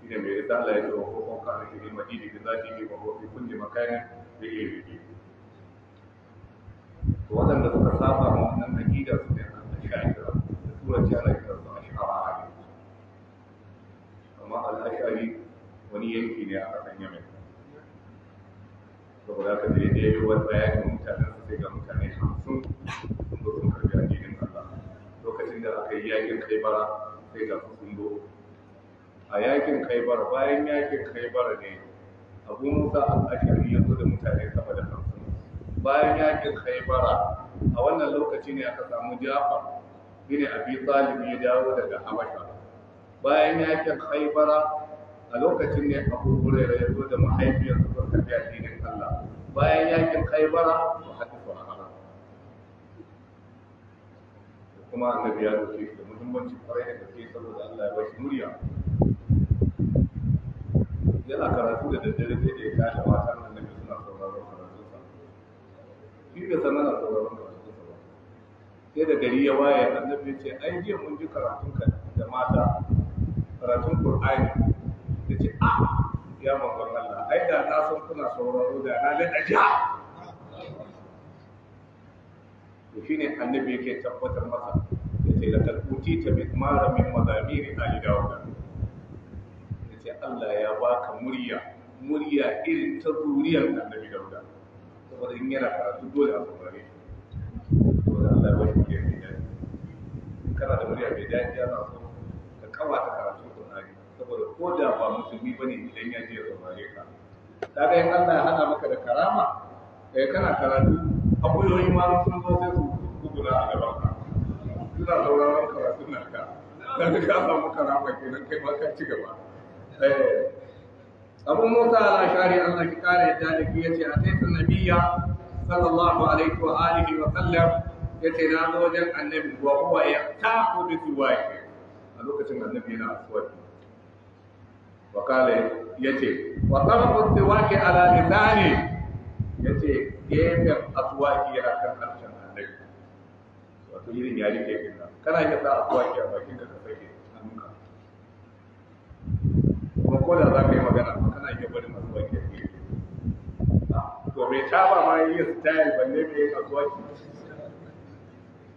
Speaker 1: shi ne mai da Allah ya ce wa ko kan ka ne majidi da zaki ne ba ko fi kunje makani da iya rike to waɗanda suka saba wannan aqida su ne a cikin da turanci ana kuma al'ashari wani yanki ne a ƙasan yamen saboda ka je da yawa ɗaya ga mutanen su sai ga mutane hamsin sun zo sun karbi addinin Allah lokacin da aka yi yakin kaibara sai ga su sun zo a yakin kaibara bayan yakin kaibara ne abu musa al'ashari ya zo da mutane sama da hamsin bayan yakin kaibara a wannan lokaci ne aka samu jafar shine abi talib ya dawo daga habasha bayan yakin haibara a lokacin ne abu hurera ya zo da mahaifiyar su tafiya tafi addinin Allah bayan yakin haibara ba haɗu su Da kuma annabi ya roƙe shi da muhimmanci kwarai da gaske saboda Allah ya ba shi murya yana karatu da daddare sai da ya kashe matan annabi suna sauraron karatunsa shi bai san ana sauraron karatunsa ba sai da gari ya waye annabi ya ce ai jiya mun ji karatun ka da mata karatun Qur'ani da ce a ah, ya manzon Allah ai da na san kuna sauraro da na lada ajiya? to ne annabi yake tabbatar masa ce da kalkuti ta bi mara min madamiri ali dawud ce Allah ya baka murya murya irin ta zuriyar annabi dawud saboda in yana karatu dole a saurare saboda Allah ya bashi murya mai daɗi kana da murya mai daɗi ana so ka kawata karatu saboda ko da ba musulmi ne idan ya je ya saurare ka kaga in Allah ya hana maka da karama eh kana karatu Akwai ma sun zo sai su gugula a gaban ka suna sauraron karatun nan ka kaga ka samu karama kenan kai ma ka ci gaba eh abu musa al-ashari Allah ki kare da dake yace a sai nabiya sallallahu alaihi wa alihi wa sallam yace na zo wajen annabi wa huwa yaqtaqu bi siwaki a lokacin annabi yana aswaki wa kale yace wa tarfu siwaki ala lisani yace gefen aswaki yana kan harshen annabi wato irin yari ke kinna kana iya sa aswaki a bakin ka ka sake hannunka kuma ko da za ka yi magana kana iya barin aswaki a gefe to mai taba ma iya ba ne mai yin aswaki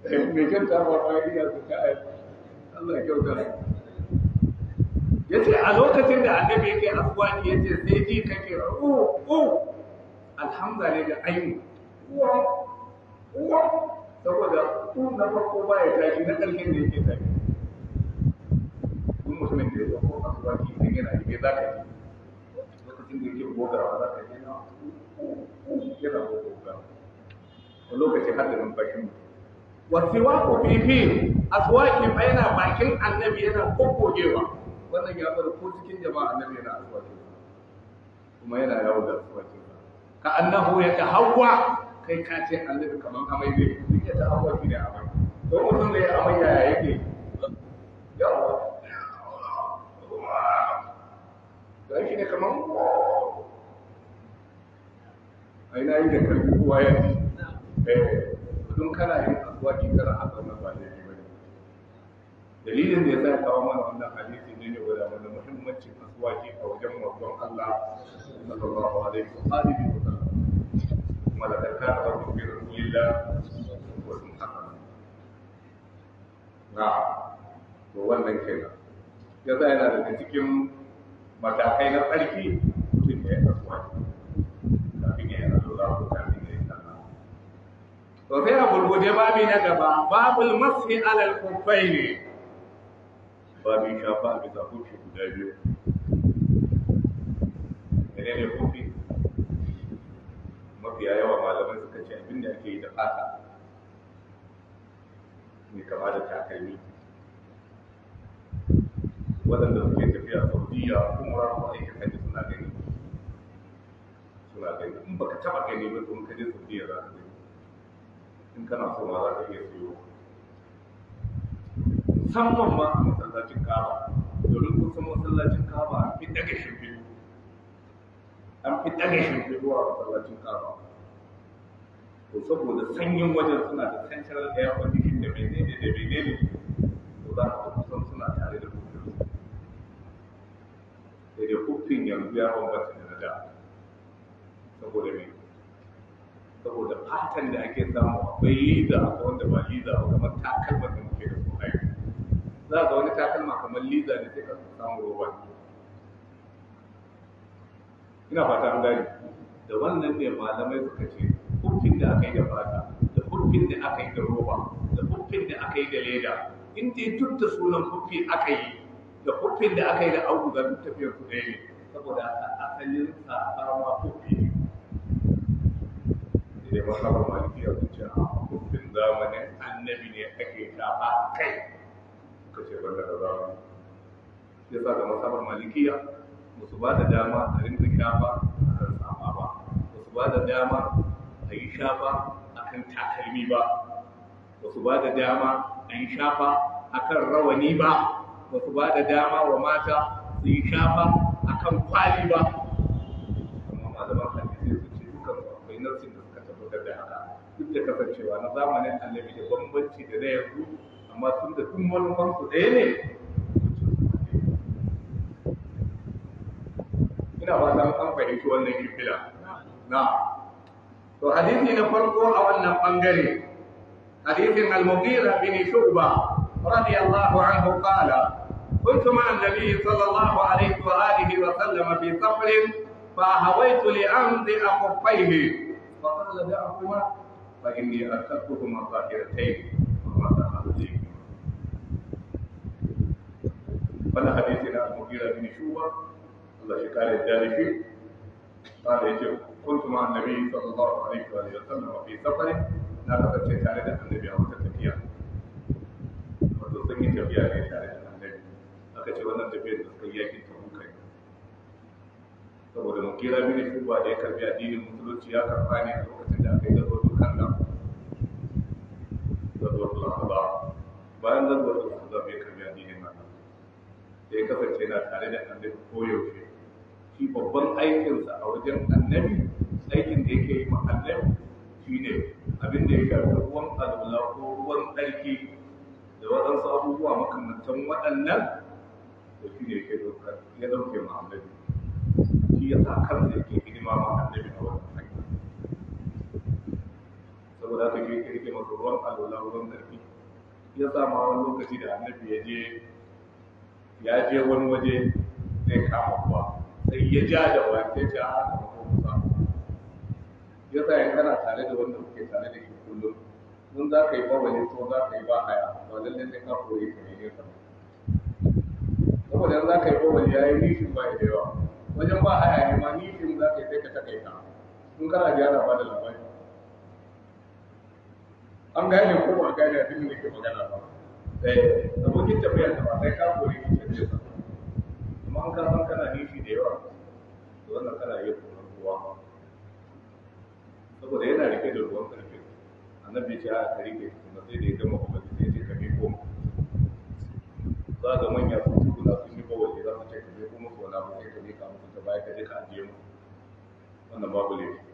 Speaker 1: eh, mai kyan taba ma iya style Allah ya kyauta yace a lokacin da annabi yake aswaki yace sai ji kake u u oh, oh. alhamdulillah da ayu
Speaker 2: uwa uwa
Speaker 1: saboda ku na farko ba ya tashi na ƙarshen da yake tafi. duk mutumin da ya ko aswaki idan yana rike za ka ji lokacin da yake ba za ka ji na yana gogawa a lokacin har da numfashin wa wasiwa ko fifi aswaki ma yana bakin annabi yana kokogewa kadan ya bar ko cikin jama'a annabi yana aswaki kuma yana yawo da aswaki ka annahu ya ta hawa kai ka ce annabi kaman amai ne duk ya tahawwa ne amai to mutum ne amai ya yake yawa Da shi ne kaman ai na yi da karfi kowa ya eh don kana yin aswaki kana hakan ba ne dalilin da ya sa kawo mana wannan hadisi ne ne guda mana muhimmancin aswaki a wajen mabon Allah sallallahu alaihi wa alihi wa sallam malaka ta ba ku bi rasulillah wa sallam na to wannan kenan ya sa yana daga cikin matakai na tsarki mutum ya yi aswaki kafin ya yi ko kafin ya yi sallah to sai a gurguje babi na gaba babul mashi alal kufai ne babin shafa a bisa hufi guda biyu mene ne hufi mafiya yawa malamai suka ce abin da ake yi da fata mai kama da takalmi waɗanda suke tafiya saudiya kuma ra ko aiki kaji suna gani suna gani in baka taɓa gani ba to in ka saudiya za ka gani in kana so ma za ka iya siyo musamman ma a masallacin kaba domin kusan masallacin kaba an fi daga shimfiɗu an fi daga shimfiɗu a masallacin kaba to saboda sanyin wajen suna da da air condition da ne da ne, to za ka kusan suna tare da hukun sai dai hukun yanzu ya bambanta da nada saboda mai saboda fatan da ake samu akwai liza akwai wanda ba liza ba kamar takalmar da muke da su a yau za ga wani takalma kamar liza da sai ka samu roba ina fata an gani da wannan ne malamai suka ce hurfin da aka yi da fata da hurfin da aka yi da roba da hurfin da aka yi da leda in dai duk da sunan hurfi aka yi da hurfin da aka yi da auduga duk tafiyar su ne saboda asalin karama hurfi ne idan ba maliki ya zuciya a hurfin zamanin annabi ne ake shafa kai suka banda da shi yasa ga masabar malikiya ba su ba da dama a rinka shafa a kan sama ba ba su ba da dama a yi shafa a kan takalmi ba ba su ba da dama a yi shafa a kan rawani ba ba su ba da dama wa mata su yi shafa a kan kwali ba amma malaman hadisi su ce dukkan akwai narsin da suka tabbatar da haka duk da kasancewa na zamanin annabi da bambanci da na yanzu amma tun da tun manufansu ɗaya ne ina ba ta an fahimci wannan kifila na to hadisi na farko a wannan bangare hadisin al-mughira bin shu'ba radiyallahu anhu qala كنت مع النبي صلى الله عليه وآله وسلم في سفر فهويت لأمضي خفيه فقال دعهما فإني أتركهما ظاهرتين wani hadisi na al-mughira bin shuba Allah shi kare da shi قال يجي كنت مع النبي صلى الله عليه واله وسلم وفي سفر لا تفتش شارد النبي او تتفيا wato sun yi tafiya ne tare da annabi aka ce wannan tafiyar da suka yi yakin tabuka ne saboda mun kira mini shuba da ya karbi addinin musulunci ya karba ne a lokacin da aka yi zazo dukkan nan zazo ba bayan zazo dukkan zazo ya karbi da ya kasance na tare da annabi koyaushe shi babban aikinsa a wajen annabi aikin da yake yi ma annabi shi ne abin da ya shafi ruwan alwala ko ruwan tsarki da waɗansu abubuwa makamantan waɗannan da shi ne ya ɗauke ma annabi shi ya sa kansa yake
Speaker 2: hidima ma annabi a wannan aiki saboda haka shi yake hidima
Speaker 1: ruwan alwala ruwan tsarki ya sa ma wani lokaci da annabi ya je ya je wani waje zai kama kuwa sai ya ja da wa sai a haka ko kusa ya ah, sa kana tare da wanda kuke tare da shi kullum mun za ka yi ba wani ko za ka yi ba haya ba lalle sai ka koyi ka yi nesa saboda za ka yi ba wani ya yi nishin ba da yawa wajen ba haya ne ma nishin za ka yi sai ka kaita in kana gyara ba da labari an gane ko ba gane abin da ke magana ba Eh, abokin tafiya da ba sai ka kore mutum ne ba amma an kasan kana nishi da yawa to wannan kana iya kuma ruwa saboda yana rike da ruwan karfe annabi ce a ka rike kuma sai da ya gama kuma sai ce ka miko za ga manya sun ci kula sun yi bawai za su ce ka miko musu wani abu sai ka mika musu ta baya ka je ka ajiye mu wannan babu laifi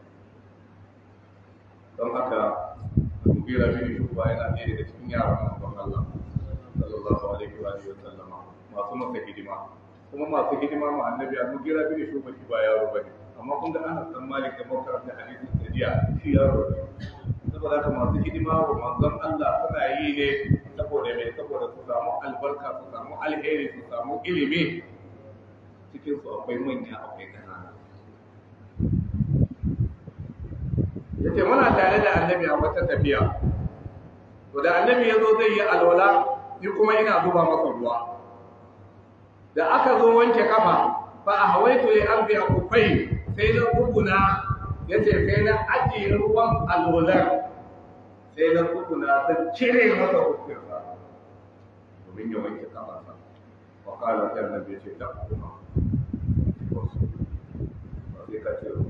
Speaker 1: don haka mugera bin shuba yana ɗaya da cikin yaran manzon Allah sallallahu a wa alihi masu hidima masu hidima ma annabi al-mugera bin shuba shi ba yaro bane amma kun ga Anas dan Malik da Mawkar da hadisin Sadiya saboda haka masu hidima wa manzon Allah suna yi ne saboda mai saboda su samu albarka su samu alheri su samu ilimi cikin su akwai manya akwai ƙanana
Speaker 2: yake muna tare da annabi
Speaker 1: a wata tafiya to da annabi yazo zai yi alwala ni kuma ina zuba masa ruwa da aka zo wanke kafa fa a ahawaitu ya arbi kufai sai na kubuna ce sai na ajiye ruwan alwalar sai na
Speaker 2: kubuna ta cire masa
Speaker 1: hukunsa domin ya wanke kafarsa wa qala annabi ce ta kuma ba sai ka ce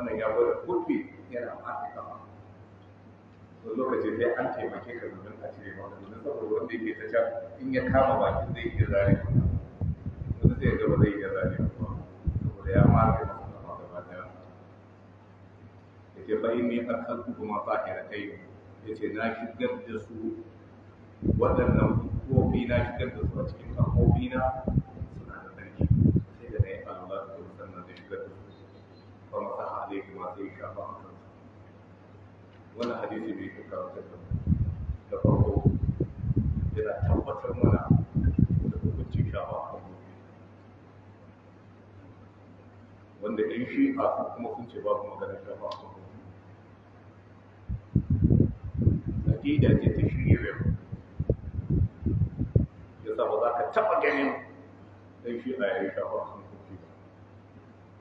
Speaker 1: wannan ya bada kofi yana mafi kama wani lokaci sai an taimake ka domin a cire ma domin saboda wanda yake ta can in ya kama baki zai iya zare ka wani zai gaba zai iya zare ka saboda ya mafi masa ma gaba daya ya ce bayan ne a kan kuma fahira kai ya ce na shigar da su waɗannan kofi na shigar da su a cikin na. da ya hadisi bai ka karanta da da farko yana tabbatar mana da hukuncin shafa a kan wanda yan shi a kuma sun ce babu maganar shafa a kan aƙida ce ta shirya yau yasa ba za ka taɓa ganin dan shi a yayin shafa a kan hukunci ba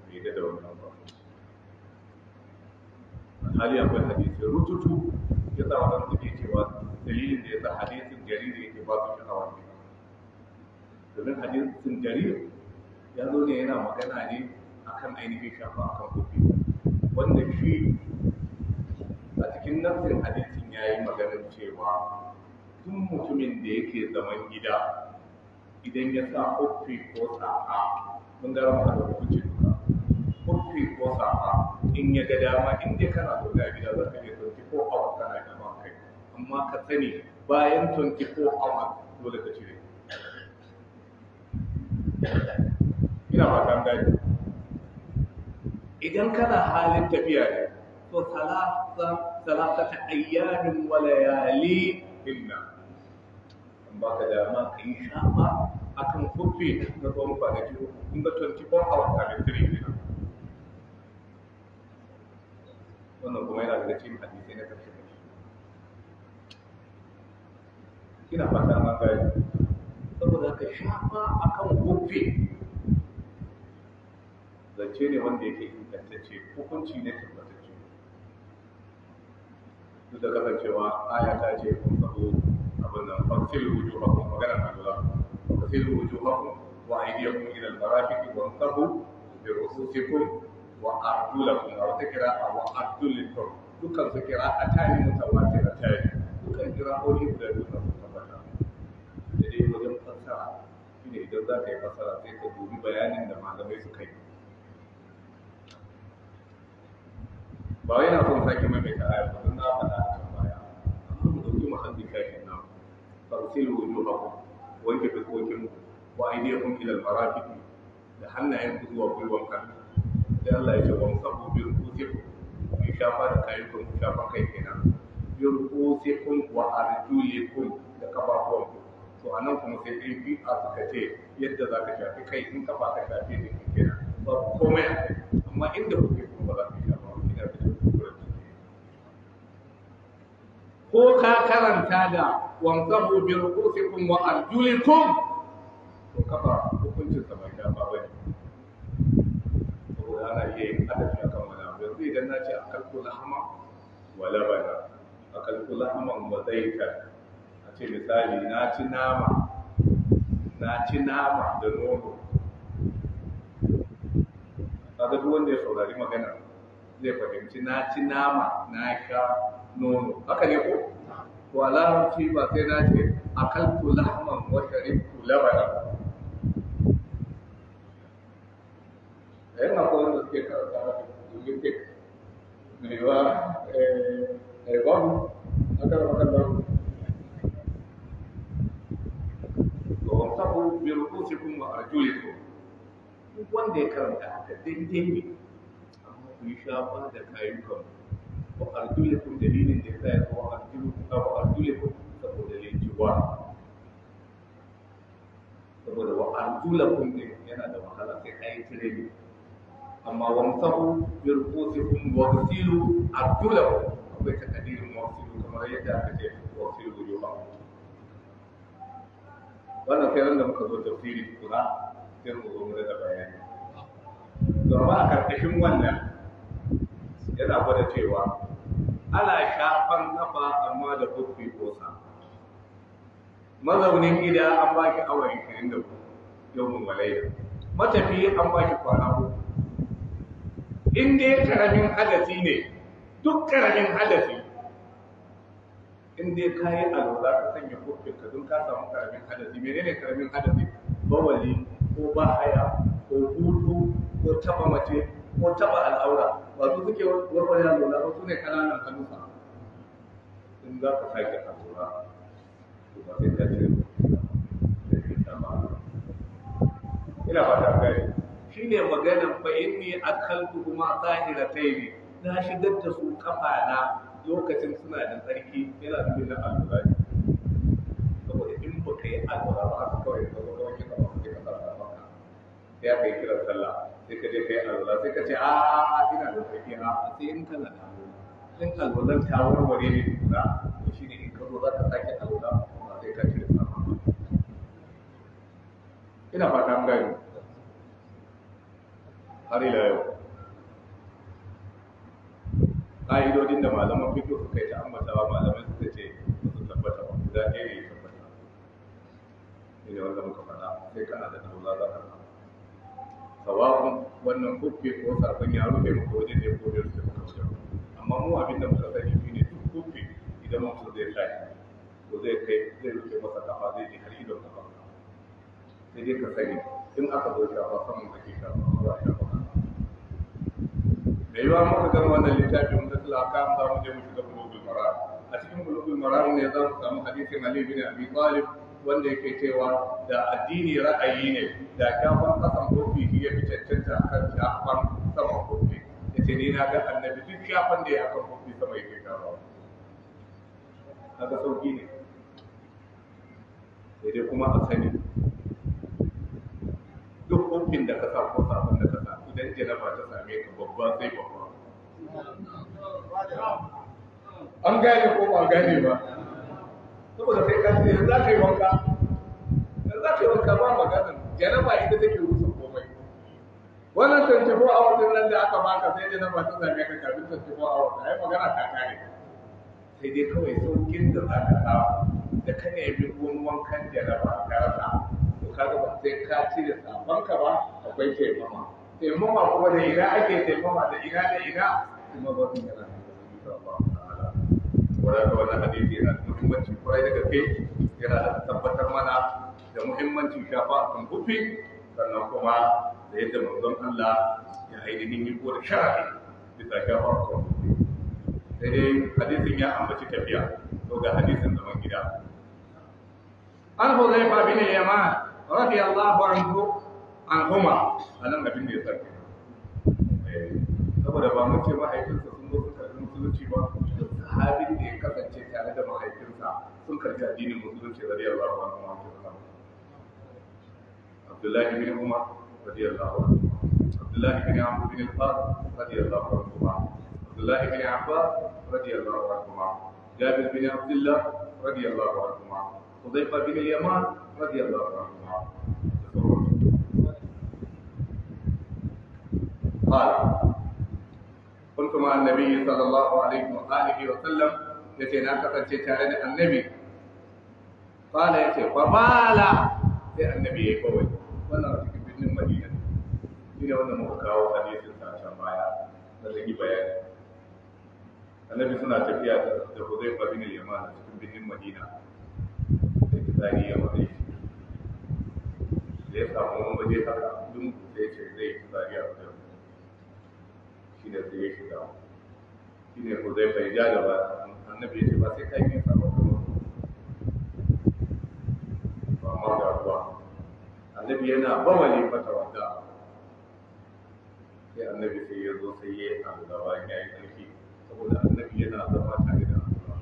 Speaker 1: bai da wannan ba hali akwai hadisi rututu ya sa wadanda suke cewa dalilin da ya sa hadisin jariri yake ba su sha'awa ne domin hadisin jariri ya zo ne yana magana ne akan ainihin shafa a kan kofi wanda shi a cikin nafsin hadisin ya yi maganar cewa tun mutumin da yake zaman gida idan ya sa kofi ko sa'a, mun gara maka da hukuncin kuskure ko sa'a in ya ga dama in dai kana zaune a gida za ka je 24 hours kana da kai amma ka sani bayan 24 hours dole ka cire ina fatan gani
Speaker 2: idan kana halin tafiya
Speaker 1: ne to salasa salasa ta ayyamin wa layali inna ba ka dama ka yi shafa akan kufi na tsawon kwanaki in ga 24 hours a 3 wannan kuma yana daga cikin hadisai na karshe kashi kina fata an gaya saboda ka shafa akan gobe zance ne wanda yake ingantacce hukunci ne tabbatacce duk da kasancewa aya ta ce kun sabo abin nan wujo hakun magana
Speaker 2: fasil wujo hakun wa aydiyakum ila al-marafiq wa
Speaker 1: sabu bi rususikum wa ardulakum a wata kira'a wa ardulikum dukkan su kira'a ta ne mutawatira ta yi dukkan kira'o'i guda biyu na su tabbata da dai wajen fassara shine idan za ka yi fassara sai ka dubi bayanin da malamai suka yi ba wai na son sake maimaita ayar ba don na faɗa a kan baya amma mu ɗauki muhallin shakin na farsilu wujuhakum wanke fuskokin ku wa aydiyakum ila al-marafiq da hannayen ku zuwa gwiwan hannu sai Allah ya ce wa musabu bi rukusikum ku shafa da kayukan ku shafa kai kenan bi kun wa arjulikum da kafafuwan ku to a nan kuma sai dai bi a suka ce yadda za ka shafi kai in kafa ka shafi da
Speaker 2: kenan ba komai a kai amma inda kuke kuma ba za ka shafa ku ina da kuren
Speaker 1: ko ka karanta da wamsahu bi rukusikum wa kun to kafa hukuncin sa ba
Speaker 2: ana iya yin a kan wani abu yanzu idan na ce a akalku lahama wa labana akalku
Speaker 1: lahaman wa zaita a ce misali na ci nama na ci nama da nono kaga duk wanda ya saurari magana zai fahimci na ci nama na sha nono haka ne ko to a larabci ba sai na ce a akalku lahama wa sharibtu labana da yana ko wanda suke karanta mata bibliotek mai wa ɗaiɓon eh, a kan waɗannan ga wata ko bai rubuce kun wa arjulikum duk wanda ya karanta haka daidai ne amma ku yi shafa da kayukan wa arjulikum dalilin da ya sa ya kawo arjulikum saboda lejiwa saboda wa yana da wahala sai ka yi amma wamsahu bi ru'usikum waghsilu arjulakum akwai takadirin waghsilu kamar yadda aka ce waghsilu wujuhakum wannan sai da muka zo tafsiri kuma sai mu zo mu da bayani to amma a karkashin wannan yana gwada cewa ana shafan kafa amma da kufi kosa mazaunin gida an ba shi awa 24 yau mun malaida matafi an ba shi kwana uku in dai karamin hadasi ne duk karamin hadasi in dai ka yi lura ka sanya kofin ka don ka samu karamin hadasi ne karamin hadasi bawali ko bahaya ko hutu ko taba mace ko taba al'aura ba su suke warware lura ba su ne kananan kanusa in za ka sake lura to ba sai ka ce ina ba ta gari shine maganan fa inni akaltu kuma tahiratayn na shigar da su kafana lokacin suna da tsarki yana da bin alwala saboda in baka yi al'ada ba ka kawai ka zo wajen ka ba ka ka ba sai ya yi kira sallah sai ka je ka yi alwala sai ka ce a ina da tsarki a sai in kana da ka zo alwalan ta warware ne da shi ne in ka zo za ka sake al'ada, ba sai ka cire ina fata an gani har ila yau ƙa'idodin da malaman fito su kai ta ambatawa malaman suka ce su tabbata ba guda ɗaya ne tabbata ne da wanda muka faɗa sai kana da taula za ka sawa'un wannan kuffe ko sarfin ya rufe maka wajen da ya kore su da kauce amma mu abin da muka sani shi ne duk kuffe idan mutum zai kai ko zai kai zai rufe masa kafa zai ji har idon kafa sai dai ka sani in aka zo shafa saman kake shafa ba shafa
Speaker 2: da yawa muka gama wannan
Speaker 1: littafi mun tattala aka za mu je mu shiga bulugul maram a cikin bulugul maram ne za mu samu hadisin ali bin abi talib wanda yake cewa da addini ra'ayi ne da kyafan kasan kofi shi ya fi cancanta a kan kyafan sama kofi ya ce ni na ga annabi duk kyafan da ya kan kofi sama ya kai kama kaga sauki ne sai dai kuma a sani duk kofin da ka sa sabon da idan jaraba ta same ka babba sai babba
Speaker 2: an gane ko ba
Speaker 1: gane ba saboda sai ka sai za ka yi wanka da za ka yi wanka ba maganin jaraba ita take rusa komai wannan tantafo a wajen nan da aka baka sai jaraba ta same ka kafin tantafo a wajen ai magana ta kare sai dai kawai saukin da za ka samu da ka bi wani wankan jaraba ka rasa to kaga ba sai ka cire safanka ba akwai taimama taimama kuma da ina ake taimama da ina da ina kuma ba sun yana wadda wani hadisi yana da muhimmanci kwarai da gaske yana da tabbatar mana da muhimmancin shafa a kan hufi sannan kuma da yadda manzon Allah ya ainihin yi da sharafi bisa shafa a kan hufi sai dai hadisin ya ambaci tafiya to ga hadisin zaman gida an huzaifa bin yaman radiyallahu anhu an homa a nan abin da ya sarki eh, saboda ba mace mahaifinsa sun zo suka yi musulunci ba sahabin da ya kasance tare da mahaifinsa sun karɓi addinin musulunci radiyallahu anhu wa sallam Abdullahi bin Umar radiyallahu anhu Abdullahi bin Amr bin Al-Fas radiyallahu kuma. Abdullahi bin Abbas radiyallahu anhu Jabir bin Abdullah radiyallahu anhu Hudayfa bin Yaman radiyallahu anhu قال قلت مع النبي صلى الله عليه وآله وسلم يتي ناكفا تتعلن النبي قال يتي فمال سي النبي يقول وانا رتك بن المدينة إلى وانا مبكاو حديث ساشا معايا نزلي بيان النبي صلى الله عليه وسلم حذيفة بن اليمان رتك بن المدينة ثانية وعيش ليس هو مجيء حتى دمك سيشي زي ثانية وعيش shi ne sai shiga shi ne ko zai bai ja gaba annabi ya ce ba sai kai ne ba ba ba ma ga ruwa annabi yana bawali fata wata sai annabi sai ya zo sai ya yi gaba ya yi karfi saboda annabi yana zama tare da algawa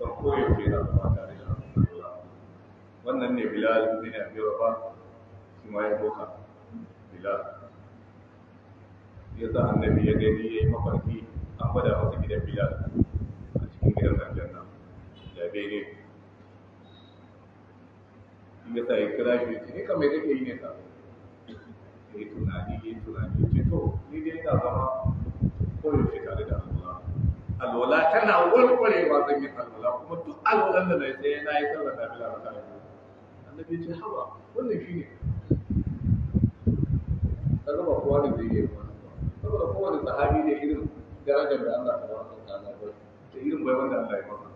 Speaker 1: san koyaushe yana zama tare da algawa wannan ne bilal bin abi ba? shi ma ya boka bilal ya sa annabi ya gani ya yi mafarki an gwada masa gidan bilal a cikin gidan aljanna da bene ya sa ya kira shi ce ne kamar kake yi ne ka ya yi tunani ya yi tunani ce to ni dai ina zama koyaushe tare da alwala alwala tana walwalewa zan yi alwala kuma duk alwalan da na yi sai na yi sallar da bilal a kan annabi ce haba wannan shi ne ka zama kowa da zai yi saboda kowane sahabi da irin darajar da Allah ta wata ta'ala ba da irin bai wanda Allah ya masa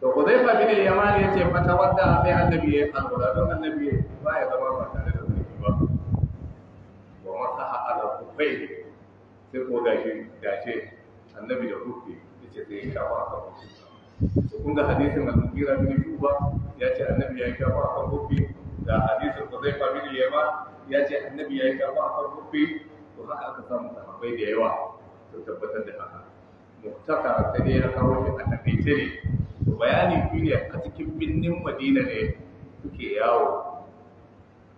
Speaker 2: to ko zai fabi ne yamani yace mata wadda sai annabi ya alƙura
Speaker 1: don annabi ba ya zama ba tare da zai ba wa masaha ala kufai sai ko gashi gashi annabi da ce yace sai ya a akan kufi kun ga hadisin al-Mughira bin Shuba ya ce annabi ya a akan kufi Da hadisin da zai fami da yawa ya ce annabi ya yi karfa a farko fi to haka aka samu sahabbai da yawa to tabbatar da haka muhtaka ta ne ya kawo shi a takaice ne to bayani ne a cikin birnin madina ne suke yawo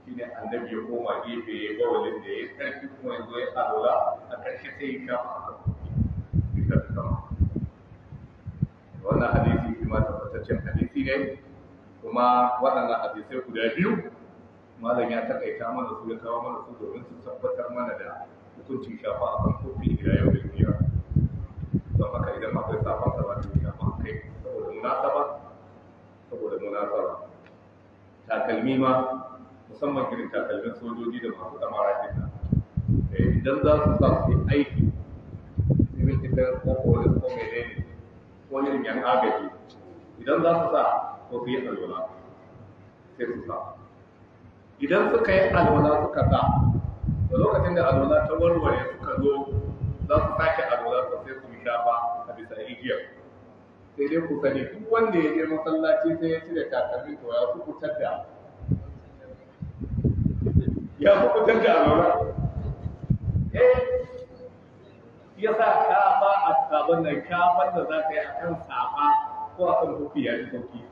Speaker 1: ne annabi ya koma gefe ya ba walin da ya karfi kuma ya zo ya alola a karshe sai ya shafa a kan bisa da sama wannan hadisi shi ma tabbataccen hadisi ne kuma waɗannan hadisai guda biyu malam ya takaita mana su ya kawo mana su domin su tabbatar mana da hukuncin shafa a kan kofi ila yau da kiyar don haka idan akwai safon sa ba ta shafa kai saboda munasaba saboda munasaba takalmi ma musamman irin takalmin sojoji da masu kamara dinnan eh, idan za su sa su yi aiki irin kitan ko ko ko menene ko irin yan agaji idan za su sa ko alwala sai su sa idan suka yi alwala suka sa da lokacin da alwala ta warware suka zo za su sake alwala to sai su yi dafa a bisa igiyar sai dai ku sani duk wanda ya je masallaci sai ya cire takalmin to ya kubutar da ya kukutar da alwala eh ya sa ba a sabon nan kafan da za ka yi a kan safa ko a kan hufi ya fi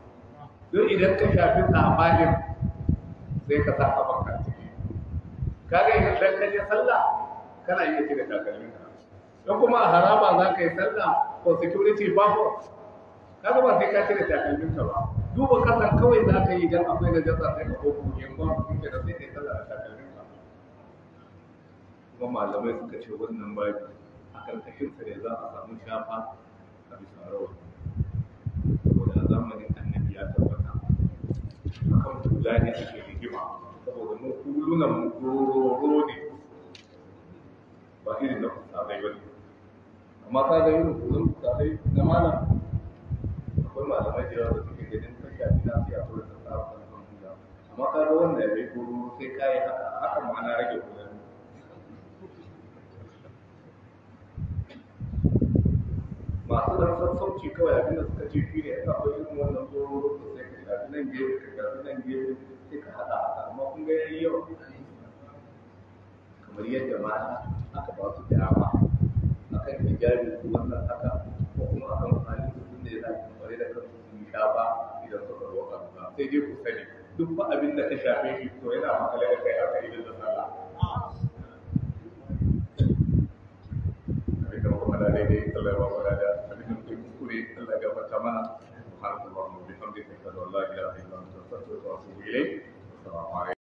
Speaker 1: don idan ka shafi tsamanin sai ka sa kafan ka kaga idan dan ka je sallah kana iya cire takalmin ka don kuma a harama za ka yi sallah for security purpose kaga ba sai ka cire takalmin ka ba duba kasan kawai za ka yi idan akwai jasa sai ka koko yan ba kun ke da sai ka yi sallah da takalmin ka kuma malamai suka ce wannan babu a karkashin
Speaker 2: sa ne za a samu shafa a bisa rawa saboda zamanin annabi ya taɓa?
Speaker 1: kan kula da ke rigima saboda mu kulunan mu roro ne ba irin na kusurai ba amma ka ga irin kulun kusurai na malam akwai malamai da yawa da suke ganin kan shafi na fiya kula da tsara kan A amma ka ga wanda ya bai koro sai ka yi haka haka mana na rage kula masu dan sassauci kawai abinda suka ce shi a ina akwai irin wannan tsoro karfi nan gefe ka karfi nan gefe sai ka haɗa amma kun ga yayi yawa kamar yadda mata aka ba su dama akan hijabi wannan haka ko kuma akan amfani da sun da ya zaɓi da kan su yi ba idan suka roƙa ba sai dai ku sani duk ba abin da ka shafe shi to yana makale da kai aka yi da sallah abin da muka faɗa daidai Allah ya ba mu da abin da muke kuskure Allah ya gafarta mana سبحانك اللهم وبحمدك اشهد ان لا اله الا انت استغفرك واتوب اليك السلام عليكم